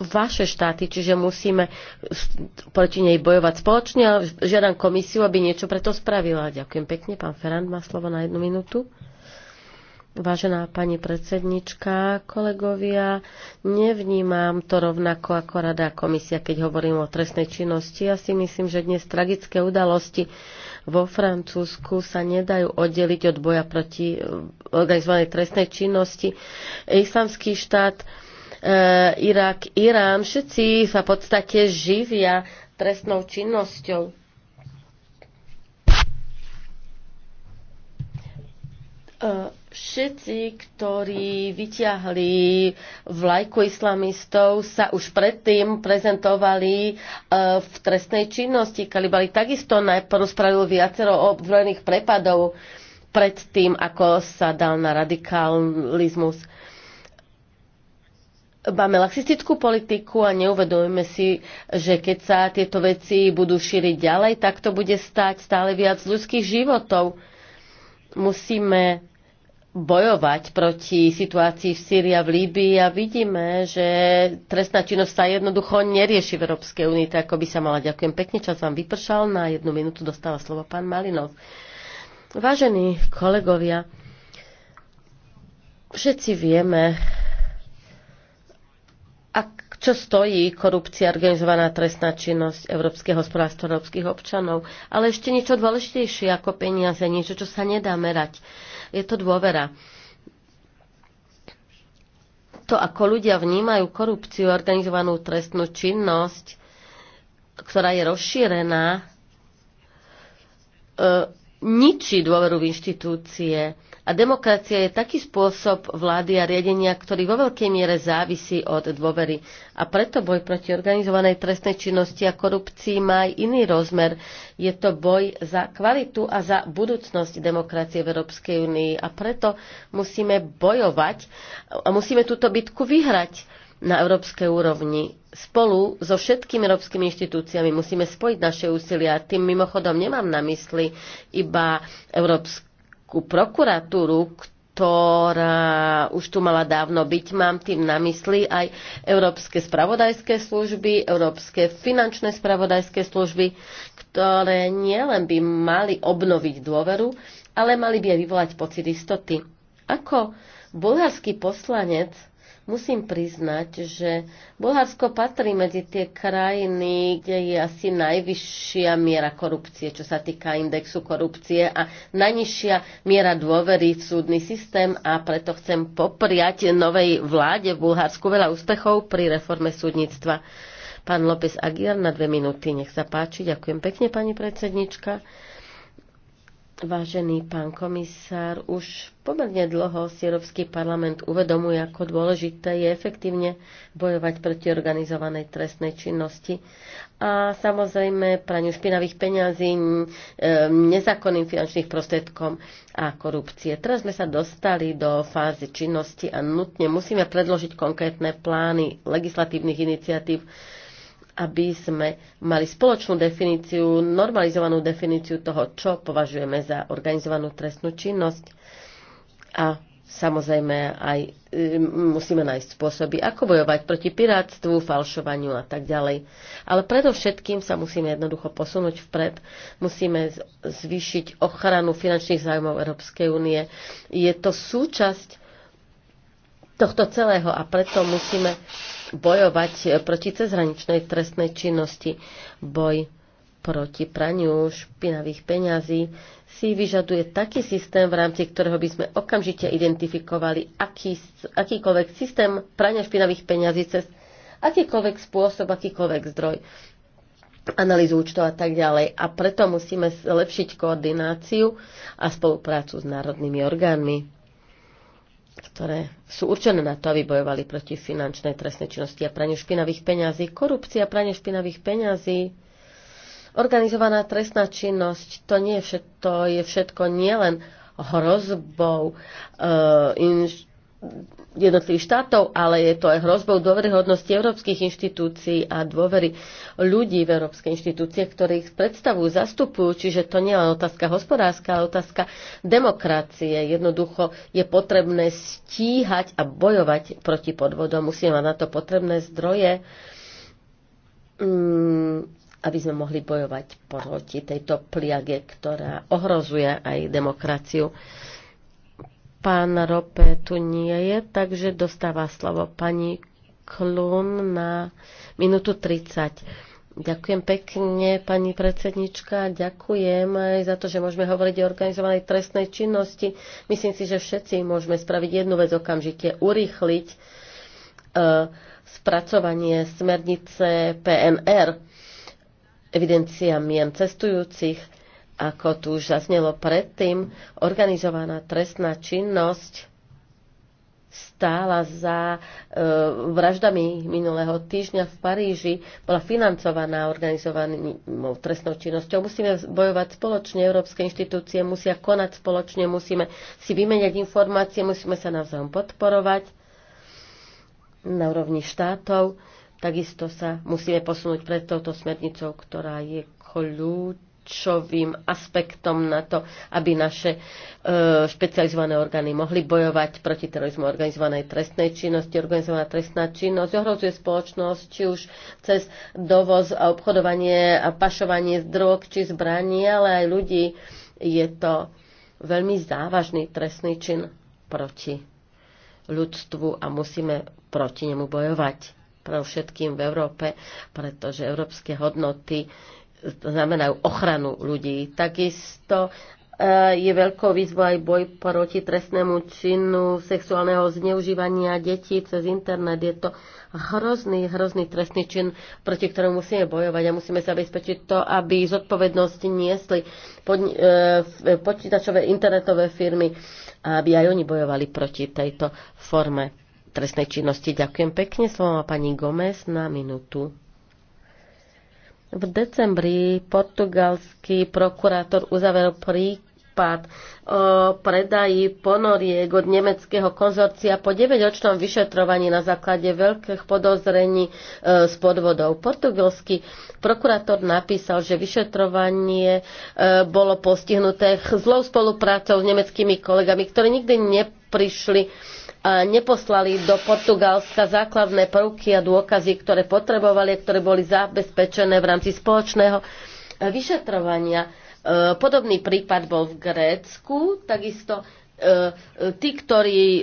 vaše štáty, čiže musíme proti nej bojovať spoločne a žiadam komisiu, aby niečo preto spravila. Ďakujem pekne. Pán Ferrand má slovo na jednu minútu. Vážená pani predsednička, kolegovia, nevnímam to rovnako ako Rada komisia, keď hovorím o trestnej činnosti. Ja si myslím, že dnes tragické udalosti vo Francúzsku sa nedajú oddeliť od boja proti organizovanej eh, trestnej činnosti. Islamský štát, eh, Irak, Irán, všetci sa v podstate živia trestnou činnosťou. E, Všetci, ktorí vyťahli vlajku islamistov, sa už predtým prezentovali e, v trestnej činnosti. Kalibali takisto najprv spravil viacero obrojených prepadov pred tým, ako sa dal na radikalizmus. Máme laxistickú politiku a neuvedujeme si, že keď sa tieto veci budú šíriť ďalej, tak to bude stať stále viac ľudských životov. Musíme bojovať proti situácii v Sýrii a v Líbii a vidíme, že trestná činnosť sa jednoducho nerieši v Európskej únii, tak ako by sa mala. Ďakujem pekne, čas vám vypršal, na jednu minútu dostáva slovo pán Malinov. Vážení kolegovia, všetci vieme, čo stojí korupcia, organizovaná trestná činnosť európskeho hospodárstva, európskych občanov. Ale ešte niečo dôležitejšie ako peniaze, niečo, čo sa nedá merať. Je to dôvera. To, ako ľudia vnímajú korupciu, organizovanú trestnú činnosť, ktorá je rozšírená, e, ničí dôveru v inštitúcie a demokracia je taký spôsob vlády a riadenia, ktorý vo veľkej miere závisí od dôvery. A preto boj proti organizovanej trestnej činnosti a korupcii má aj iný rozmer. Je to boj za kvalitu a za budúcnosť demokracie v Európskej únii. A preto musíme bojovať a musíme túto bitku vyhrať na európskej úrovni. Spolu so všetkými európskymi inštitúciami musíme spojiť naše úsilia. Tým mimochodom nemám na mysli iba európske Európsku prokuratúru, ktorá už tu mala dávno byť. Mám tým na mysli aj Európske spravodajské služby, Európske finančné spravodajské služby, ktoré nielen by mali obnoviť dôveru, ale mali by aj vyvolať pocit istoty. Ako bulharský poslanec musím priznať, že Bulharsko patrí medzi tie krajiny, kde je asi najvyššia miera korupcie, čo sa týka indexu korupcie a najnižšia miera dôvery v súdny systém a preto chcem popriať novej vláde v Bulharsku veľa úspechov pri reforme súdnictva. Pán López Agiar na dve minúty, nech sa páči. Ďakujem pekne, pani predsednička. Vážený pán komisár, už pomerne dlho si Európsky parlament uvedomuje, ako dôležité je efektívne bojovať proti organizovanej trestnej činnosti a samozrejme praniu špinavých peňazí, nezákonným finančných prostriedkom a korupcie. Teraz sme sa dostali do fázy činnosti a nutne musíme predložiť konkrétne plány legislatívnych iniciatív, aby sme mali spoločnú definíciu, normalizovanú definíciu toho, čo považujeme za organizovanú trestnú činnosť. A samozrejme aj e, musíme nájsť spôsoby, ako bojovať proti pirátstvu, falšovaniu a tak ďalej. Ale predovšetkým sa musíme jednoducho posunúť vpred, musíme zvýšiť ochranu finančných zájmov Európskej únie. Je to súčasť tohto celého a preto musíme bojovať eh, proti cezhraničnej trestnej činnosti. Boj proti praniu špinavých peňazí si vyžaduje taký systém, v rámci ktorého by sme okamžite identifikovali aký, akýkoľvek systém prania špinavých peňazí cez akýkoľvek spôsob, akýkoľvek zdroj analýzu účtov a tak ďalej. A preto musíme zlepšiť koordináciu a spoluprácu s národnými orgánmi ktoré sú určené na to, aby bojovali proti finančnej trestnej činnosti a praniu špinavých peňazí. Korupcia, pranie špinavých peňazí, organizovaná trestná činnosť, to, nie je všetko, je všetko nielen hrozbou uh, eh, inš, jednotlivých štátov, ale je to aj hrozbou dôveryhodnosti európskych inštitúcií a dôvery ľudí v európske inštitúcie, ktorí ich predstavujú, zastupujú. Čiže to nie je len otázka hospodárska, ale otázka demokracie. Jednoducho je potrebné stíhať a bojovať proti podvodom. Musíme mať na to potrebné zdroje, mm, aby sme mohli bojovať proti tejto pliage, ktorá ohrozuje aj demokraciu. Pán Rope tu nie je, takže dostáva slovo pani Klun na minútu 30. Ďakujem pekne, pani predsednička. Ďakujem aj za to, že môžeme hovoriť o organizovanej trestnej činnosti. Myslím si, že všetci môžeme spraviť jednu vec okamžite, urýchliť e, spracovanie smernice PNR, evidencia mien cestujúcich ako tu už zaznelo predtým, organizovaná trestná činnosť stála za e, vraždami minulého týždňa v Paríži, bola financovaná organizovanou no, trestnou činnosťou. Musíme bojovať spoločne, európske inštitúcie musia konať spoločne, musíme si vymeniať informácie, musíme sa navzájom podporovať na úrovni štátov. Takisto sa musíme posunúť pred touto smernicou, ktorá je kľúč kľúčovým aspektom na to, aby naše e, špecializované orgány mohli bojovať proti terorizmu organizovanej trestnej činnosti. Organizovaná trestná činnosť ohrozuje spoločnosť či už cez dovoz a obchodovanie a pašovanie drog či zbraní, ale aj ľudí. Je to veľmi závažný trestný čin proti ľudstvu a musíme proti nemu bojovať pre všetkým v Európe, pretože európske hodnoty znamenajú ochranu ľudí. Takisto e, je veľkou výzvou aj boj proti trestnému činu sexuálneho zneužívania detí cez internet. Je to hrozný, hrozný trestný čin, proti ktorému musíme bojovať a musíme zabezpečiť to, aby zodpovednosť niesli pod, e, počítačové internetové firmy a aby aj oni bojovali proti tejto forme trestnej činnosti. Ďakujem pekne. Slovo má pani Gomez na minútu. V decembri portugalský prokurátor uzavrel prípad o predaji ponoriek od nemeckého konzorcia po 9-ročnom vyšetrovaní na základe veľkých podozrení e, z podvodov. Portugalský prokurátor napísal, že vyšetrovanie e, bolo postihnuté zlou spoluprácou s nemeckými kolegami, ktorí nikdy neprišli neposlali do Portugalska základné prvky a dôkazy, ktoré potrebovali, ktoré boli zabezpečené v rámci spoločného e, vyšetrovania. E, podobný prípad bol v Grécku, takisto E, e, tí, ktorí e,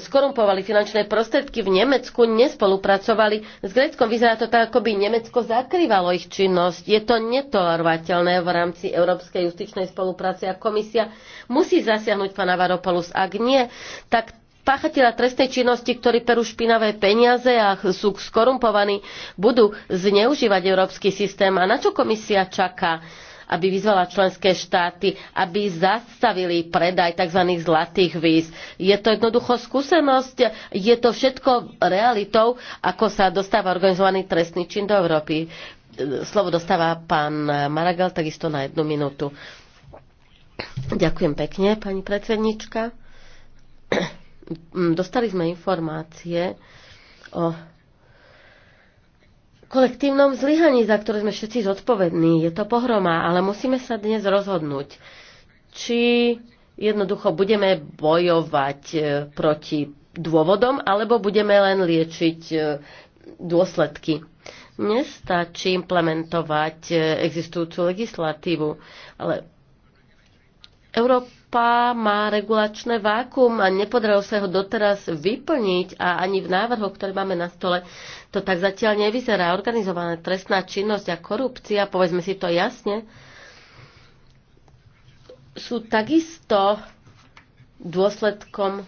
skorumpovali finančné prostriedky v Nemecku, nespolupracovali s Gréckom. Vyzerá to tak, ako by Nemecko zakrývalo ich činnosť. Je to netolerovateľné v rámci Európskej justičnej spolupráce a komisia musí zasiahnuť pana Varopolus. Ak nie, tak páchatelia trestnej činnosti, ktorí perú špinavé peniaze a sú skorumpovaní, budú zneužívať európsky systém. A na čo komisia čaká? aby vyzvala členské štáty, aby zastavili predaj tzv. zlatých víz. Je to jednoducho skúsenosť, je to všetko realitou, ako sa dostáva organizovaný trestný čin do Európy. Slovo dostáva pán Maragal takisto na jednu minútu. Ďakujem pekne, pani predsednička. Dostali sme informácie o kolektívnom zlyhaní, za ktoré sme všetci zodpovední. Je to pohroma, ale musíme sa dnes rozhodnúť, či jednoducho budeme bojovať e, proti dôvodom, alebo budeme len liečiť e, dôsledky. Nestačí implementovať e, existujúcu legislatívu, ale Európa Európa má regulačné vákum a nepodarilo sa ho doteraz vyplniť a ani v návrhoch, ktoré máme na stole, to tak zatiaľ nevyzerá. Organizovaná trestná činnosť a korupcia, povedzme si to jasne, sú takisto dôsledkom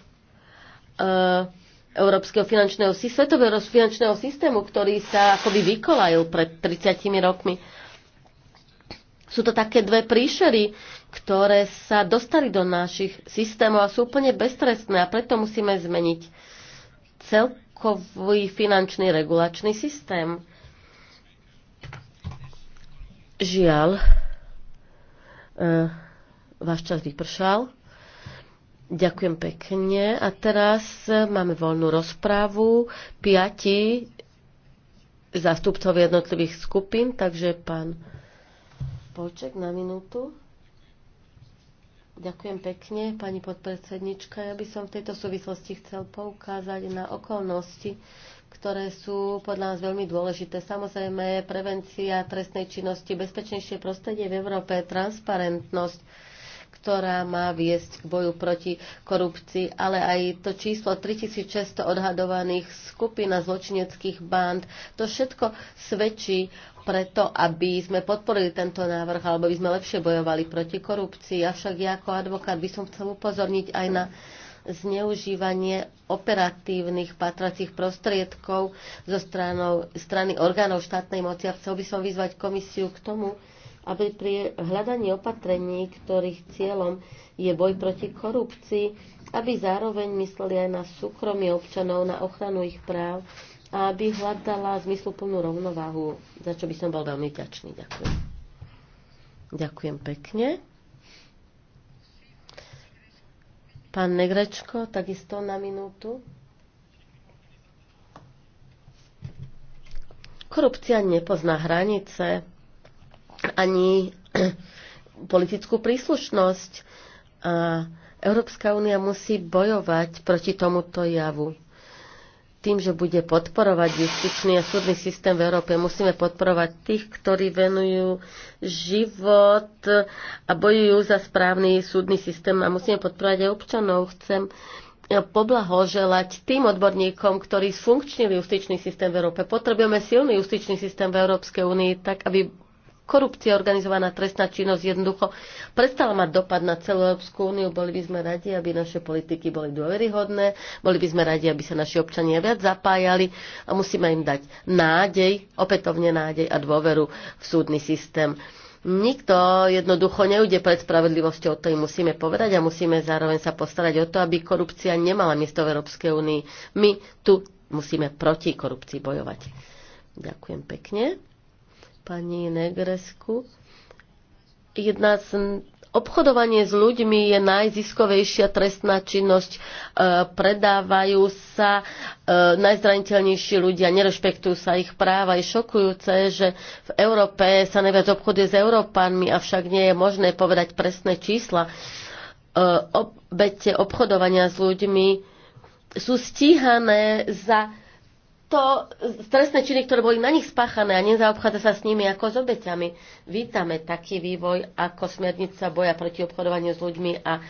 e európskeho finančného, svetového finančného systému, ktorý sa akoby vykolajil pred 30 rokmi. Sú to také dve príšery, ktoré sa dostali do našich systémov a sú úplne beztrestné a preto musíme zmeniť celkový finančný regulačný systém. Žiaľ, e, váš čas vypršal. Ďakujem pekne. A teraz máme voľnú rozprávu. Piati zástupcov jednotlivých skupín, takže pán Polček na minútu. Ďakujem pekne, pani podpredsednička. Ja by som v tejto súvislosti chcel poukázať na okolnosti, ktoré sú podľa nás veľmi dôležité. Samozrejme, prevencia trestnej činnosti, bezpečnejšie prostredie v Európe, transparentnosť, ktorá má viesť k boju proti korupcii, ale aj to číslo 3600 odhadovaných skupín a zločineckých band. To všetko svedčí preto, aby sme podporili tento návrh alebo by sme lepšie bojovali proti korupcii. Avšak ja ako advokát by som chcel upozorniť aj na zneužívanie operatívnych patracích prostriedkov zo stranou, strany orgánov štátnej moci a chcel by som vyzvať komisiu k tomu, aby pri hľadaní opatrení, ktorých cieľom je boj proti korupcii, aby zároveň mysleli aj na súkromie občanov, na ochranu ich práv aby hľadala zmysluplnú rovnováhu, za čo by som bol veľmi vďačný. Ďakujem. Ďakujem pekne. Pán Negrečko, takisto na minútu. Korupcia nepozná hranice ani politickú príslušnosť. A Európska únia musí bojovať proti tomuto javu tým, že bude podporovať justičný a súdny systém v Európe, musíme podporovať tých, ktorí venujú život a bojujú za správny súdny systém a musíme podporovať aj občanov. Chcem poblahoželať tým odborníkom, ktorí sfunkčnili justičný systém v Európe. Potrebujeme silný justičný systém v Európskej únii, tak aby korupcia, organizovaná trestná činnosť jednoducho prestala mať dopad na celú Európsku úniu. Boli by sme radi, aby naše politiky boli dôveryhodné, boli by sme radi, aby sa naši občania viac zapájali a musíme im dať nádej, opätovne nádej a dôveru v súdny systém. Nikto jednoducho neude pred spravedlivosťou, to im musíme povedať a musíme zároveň sa postarať o to, aby korupcia nemala miesto v Európskej únii. My tu musíme proti korupcii bojovať. Ďakujem pekne pani Negresku. Jedná z Obchodovanie s ľuďmi je najziskovejšia trestná činnosť. E, predávajú sa e, najzraniteľnejší ľudia, nerešpektujú sa ich práva. Je šokujúce, že v Európe sa najviac obchoduje s Európanmi, avšak nie je možné povedať presné čísla. E, obete obchodovania s ľuďmi sú stíhané za to stresné činy, ktoré boli na nich spáchané a nezaobchádza sa s nimi ako s obeťami. Vítame taký vývoj ako smernica boja proti obchodovaniu s ľuďmi a e,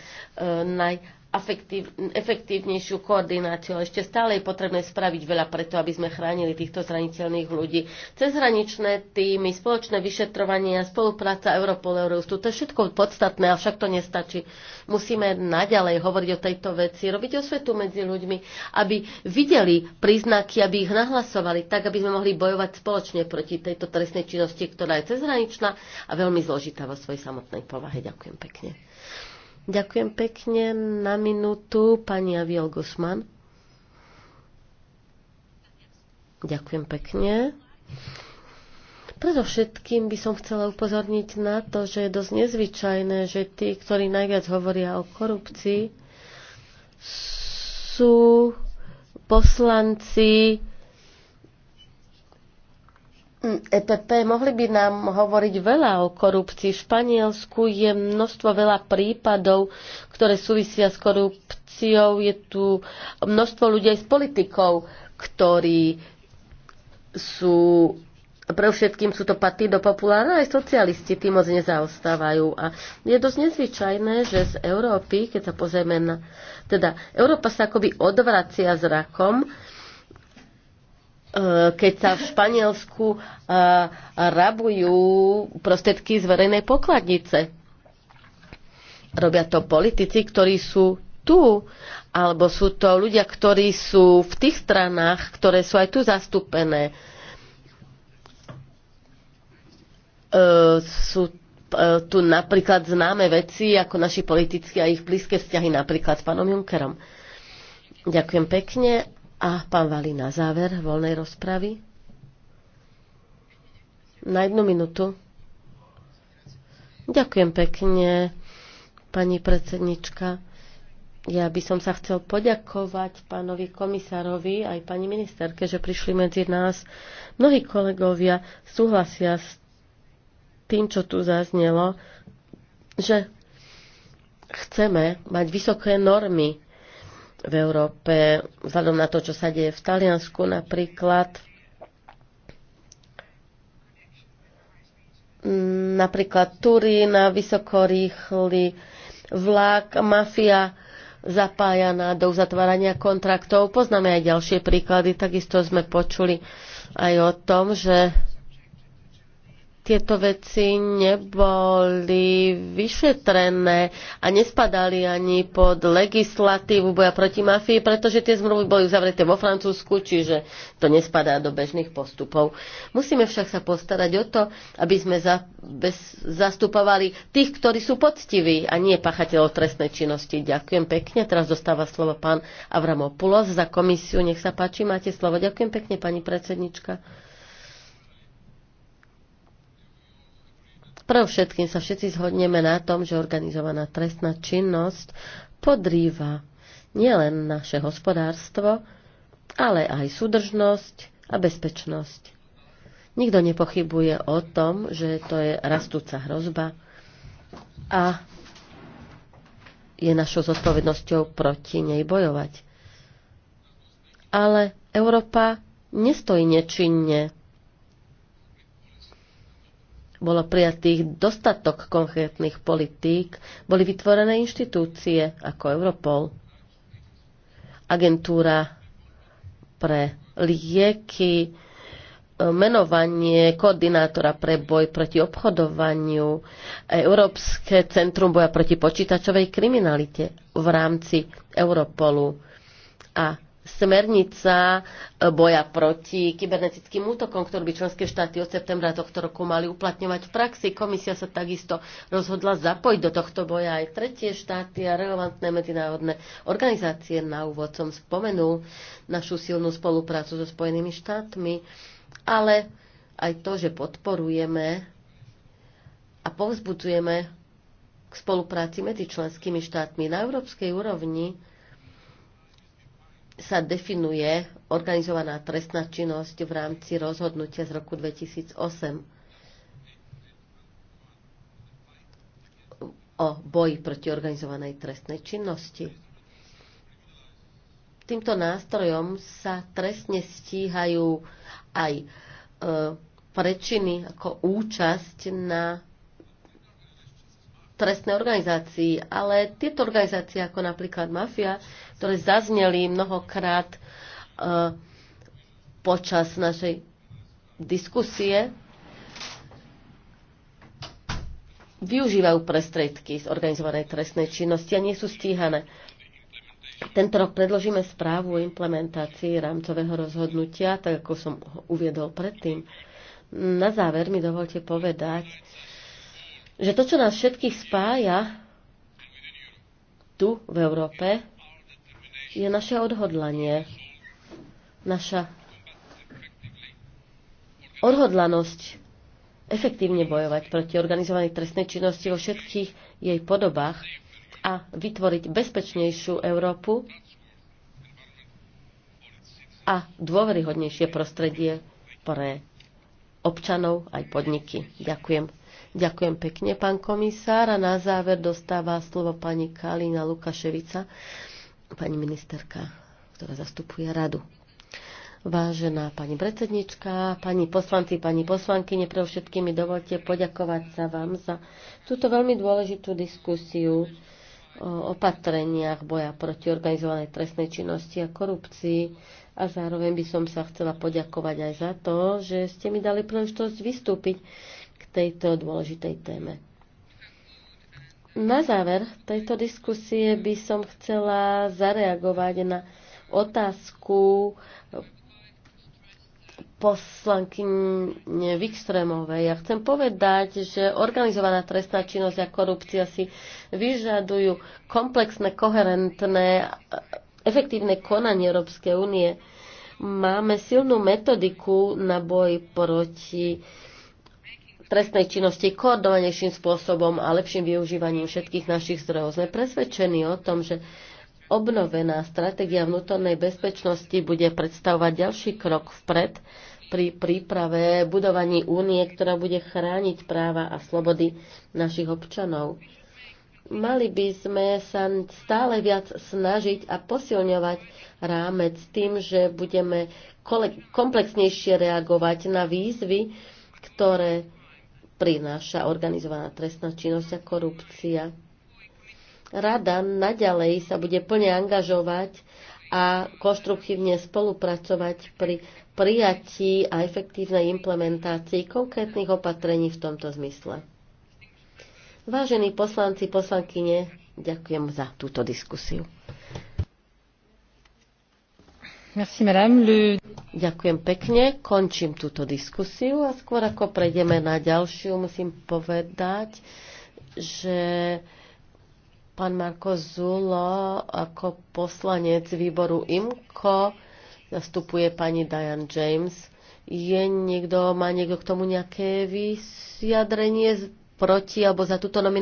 naj efektív, efektívnejšiu koordináciu. Ešte stále je potrebné spraviť veľa preto, aby sme chránili týchto zraniteľných ľudí. Cezhraničné týmy, spoločné vyšetrovanie, spolupráca Europol, Eurostu, to je všetko podstatné, avšak to nestačí. Musíme naďalej hovoriť o tejto veci, robiť osvetu medzi ľuďmi, aby videli príznaky, aby ich nahlasovali, tak aby sme mohli bojovať spoločne proti tejto trestnej činnosti, ktorá je cezhraničná a veľmi zložitá vo svojej samotnej povahe. Ďakujem pekne. Ďakujem pekne. Na minútu pani Aviel Gosman. Ďakujem pekne. Predovšetkým by som chcela upozorniť na to, že je dosť nezvyčajné, že tí, ktorí najviac hovoria o korupcii, sú poslanci EPP, mohli by nám hovoriť veľa o korupcii. V Španielsku je množstvo veľa prípadov, ktoré súvisia s korupciou. Je tu množstvo ľudí aj s politikou, ktorí sú pre všetkým sú to do populárna, aj socialisti, tým moc nezaostávajú. A je dosť nezvyčajné, že z Európy, keď sa pozrieme na... Teda Európa sa akoby odvracia zrakom, rakom, Eh, keď sa v Španielsku eh, rabujú prostriedky z verejnej pokladnice. Robia to politici, ktorí sú tu, alebo sú to ľudia, ktorí sú v tých stranách, ktoré sú aj tu zastúpené. Eh, sú tu napríklad známe veci, ako naši politici a ich blízke vzťahy napríklad s pánom Junckerom. Ďakujem pekne. A pán Vali na záver voľnej rozpravy. Na jednu minútu. Ďakujem pekne, pani predsednička. Ja by som sa chcel poďakovať pánovi komisárovi aj pani ministerke, že prišli medzi nás. Mnohí kolegovia súhlasia s tým, čo tu zaznelo, že chceme mať vysoké normy v Európe, vzhľadom na to, čo sa deje v Taliansku napríklad. Napríklad Turín, vysokorýchly vlak, mafia zapájaná do uzatvárania kontraktov. Poznáme aj ďalšie príklady, takisto sme počuli aj o tom, že tieto veci neboli vyšetrené a nespadali ani pod legislatívu boja proti mafii, pretože tie zmluvy boli uzavreté vo Francúzsku, čiže to nespadá do bežných postupov. Musíme však sa postarať o to, aby sme za, bez, zastupovali tých, ktorí sú poctiví a nie pachateľov trestnej činnosti. Ďakujem pekne. Teraz dostáva slovo pán Avramopulos za komisiu. Nech sa páči, máte slovo. Ďakujem pekne, pani predsednička. Prvšetkým sa všetci zhodneme na tom, že organizovaná trestná činnosť podrýva nielen naše hospodárstvo, ale aj súdržnosť a bezpečnosť. Nikto nepochybuje o tom, že to je rastúca hrozba a je našou zodpovednosťou proti nej bojovať. Ale Európa nestojí nečinne bolo prijatých dostatok konkrétnych politík, boli vytvorené inštitúcie ako Europol, agentúra pre lieky, menovanie koordinátora pre boj proti obchodovaniu, Európske centrum boja proti počítačovej kriminalite v rámci Europolu a smernica e, boja proti kybernetickým útokom, ktorú by členské štáty od septembra tohto roku mali uplatňovať v praxi. Komisia sa takisto rozhodla zapojiť do tohto boja aj tretie štáty a relevantné medzinárodné organizácie. Na úvod som spomenul našu silnú spoluprácu so Spojenými štátmi, ale aj to, že podporujeme a povzbudzujeme k spolupráci medzi členskými štátmi na európskej úrovni sa definuje organizovaná trestná činnosť v rámci rozhodnutia z roku 2008 o boji proti organizovanej trestnej činnosti. Týmto nástrojom sa trestne stíhajú aj e, prečiny ako účasť na trestné organizácii, ale tieto organizácie, ako napríklad mafia, ktoré zazneli mnohokrát e, počas našej diskusie, využívajú prestriedky z organizovanej trestnej činnosti a nie sú stíhané. Tento rok predložíme správu o implementácii rámcového rozhodnutia, tak ako som uviedol predtým. Na záver mi dovolte povedať, že to, čo nás všetkých spája tu v Európe, je naše odhodlanie, naša odhodlanosť efektívne bojovať proti organizovanej trestnej činnosti vo všetkých jej podobách a vytvoriť bezpečnejšiu Európu a dôveryhodnejšie prostredie pre občanov aj podniky. Ďakujem. Ďakujem pekne, pán komisár. A na záver dostáva slovo pani Kalina Lukaševica, pani ministerka, ktorá zastupuje radu. Vážená pani predsednička, pani poslanci, pani poslanky, pre všetkými dovolte poďakovať sa vám za túto veľmi dôležitú diskusiu o opatreniach boja proti organizovanej trestnej činnosti a korupcii. A zároveň by som sa chcela poďakovať aj za to, že ste mi dali príležitosť vystúpiť tejto dôležitej téme. Na záver tejto diskusie by som chcela zareagovať na otázku poslankyne Vikstremovej. Ja chcem povedať, že organizovaná trestná činnosť a korupcia si vyžadujú komplexné, koherentné, efektívne konanie Európskej únie. Máme silnú metodiku na boj proti trestnej činnosti koordovanejším spôsobom a lepším využívaním všetkých našich zdrojov. Sme presvedčení o tom, že obnovená stratégia vnútornej bezpečnosti bude predstavovať ďalší krok vpred pri príprave budovaní únie, ktorá bude chrániť práva a slobody našich občanov. Mali by sme sa stále viac snažiť a posilňovať rámec tým, že budeme komplexnejšie reagovať na výzvy, ktoré prináša organizovaná trestná činnosť a korupcia. Rada naďalej sa bude plne angažovať a konštruktívne spolupracovať pri prijatí a efektívnej implementácii konkrétnych opatrení v tomto zmysle. Vážení poslanci, poslankyne, ďakujem za túto diskusiu. Ďakujem pekne. Končím túto diskusiu a skôr ako prejdeme na ďalšiu, musím povedať, že pán Marko Zulo ako poslanec výboru IMKO zastupuje pani Diane James. Je niekto, má niekto k tomu nejaké vyjadrenie proti alebo za túto nomináciu?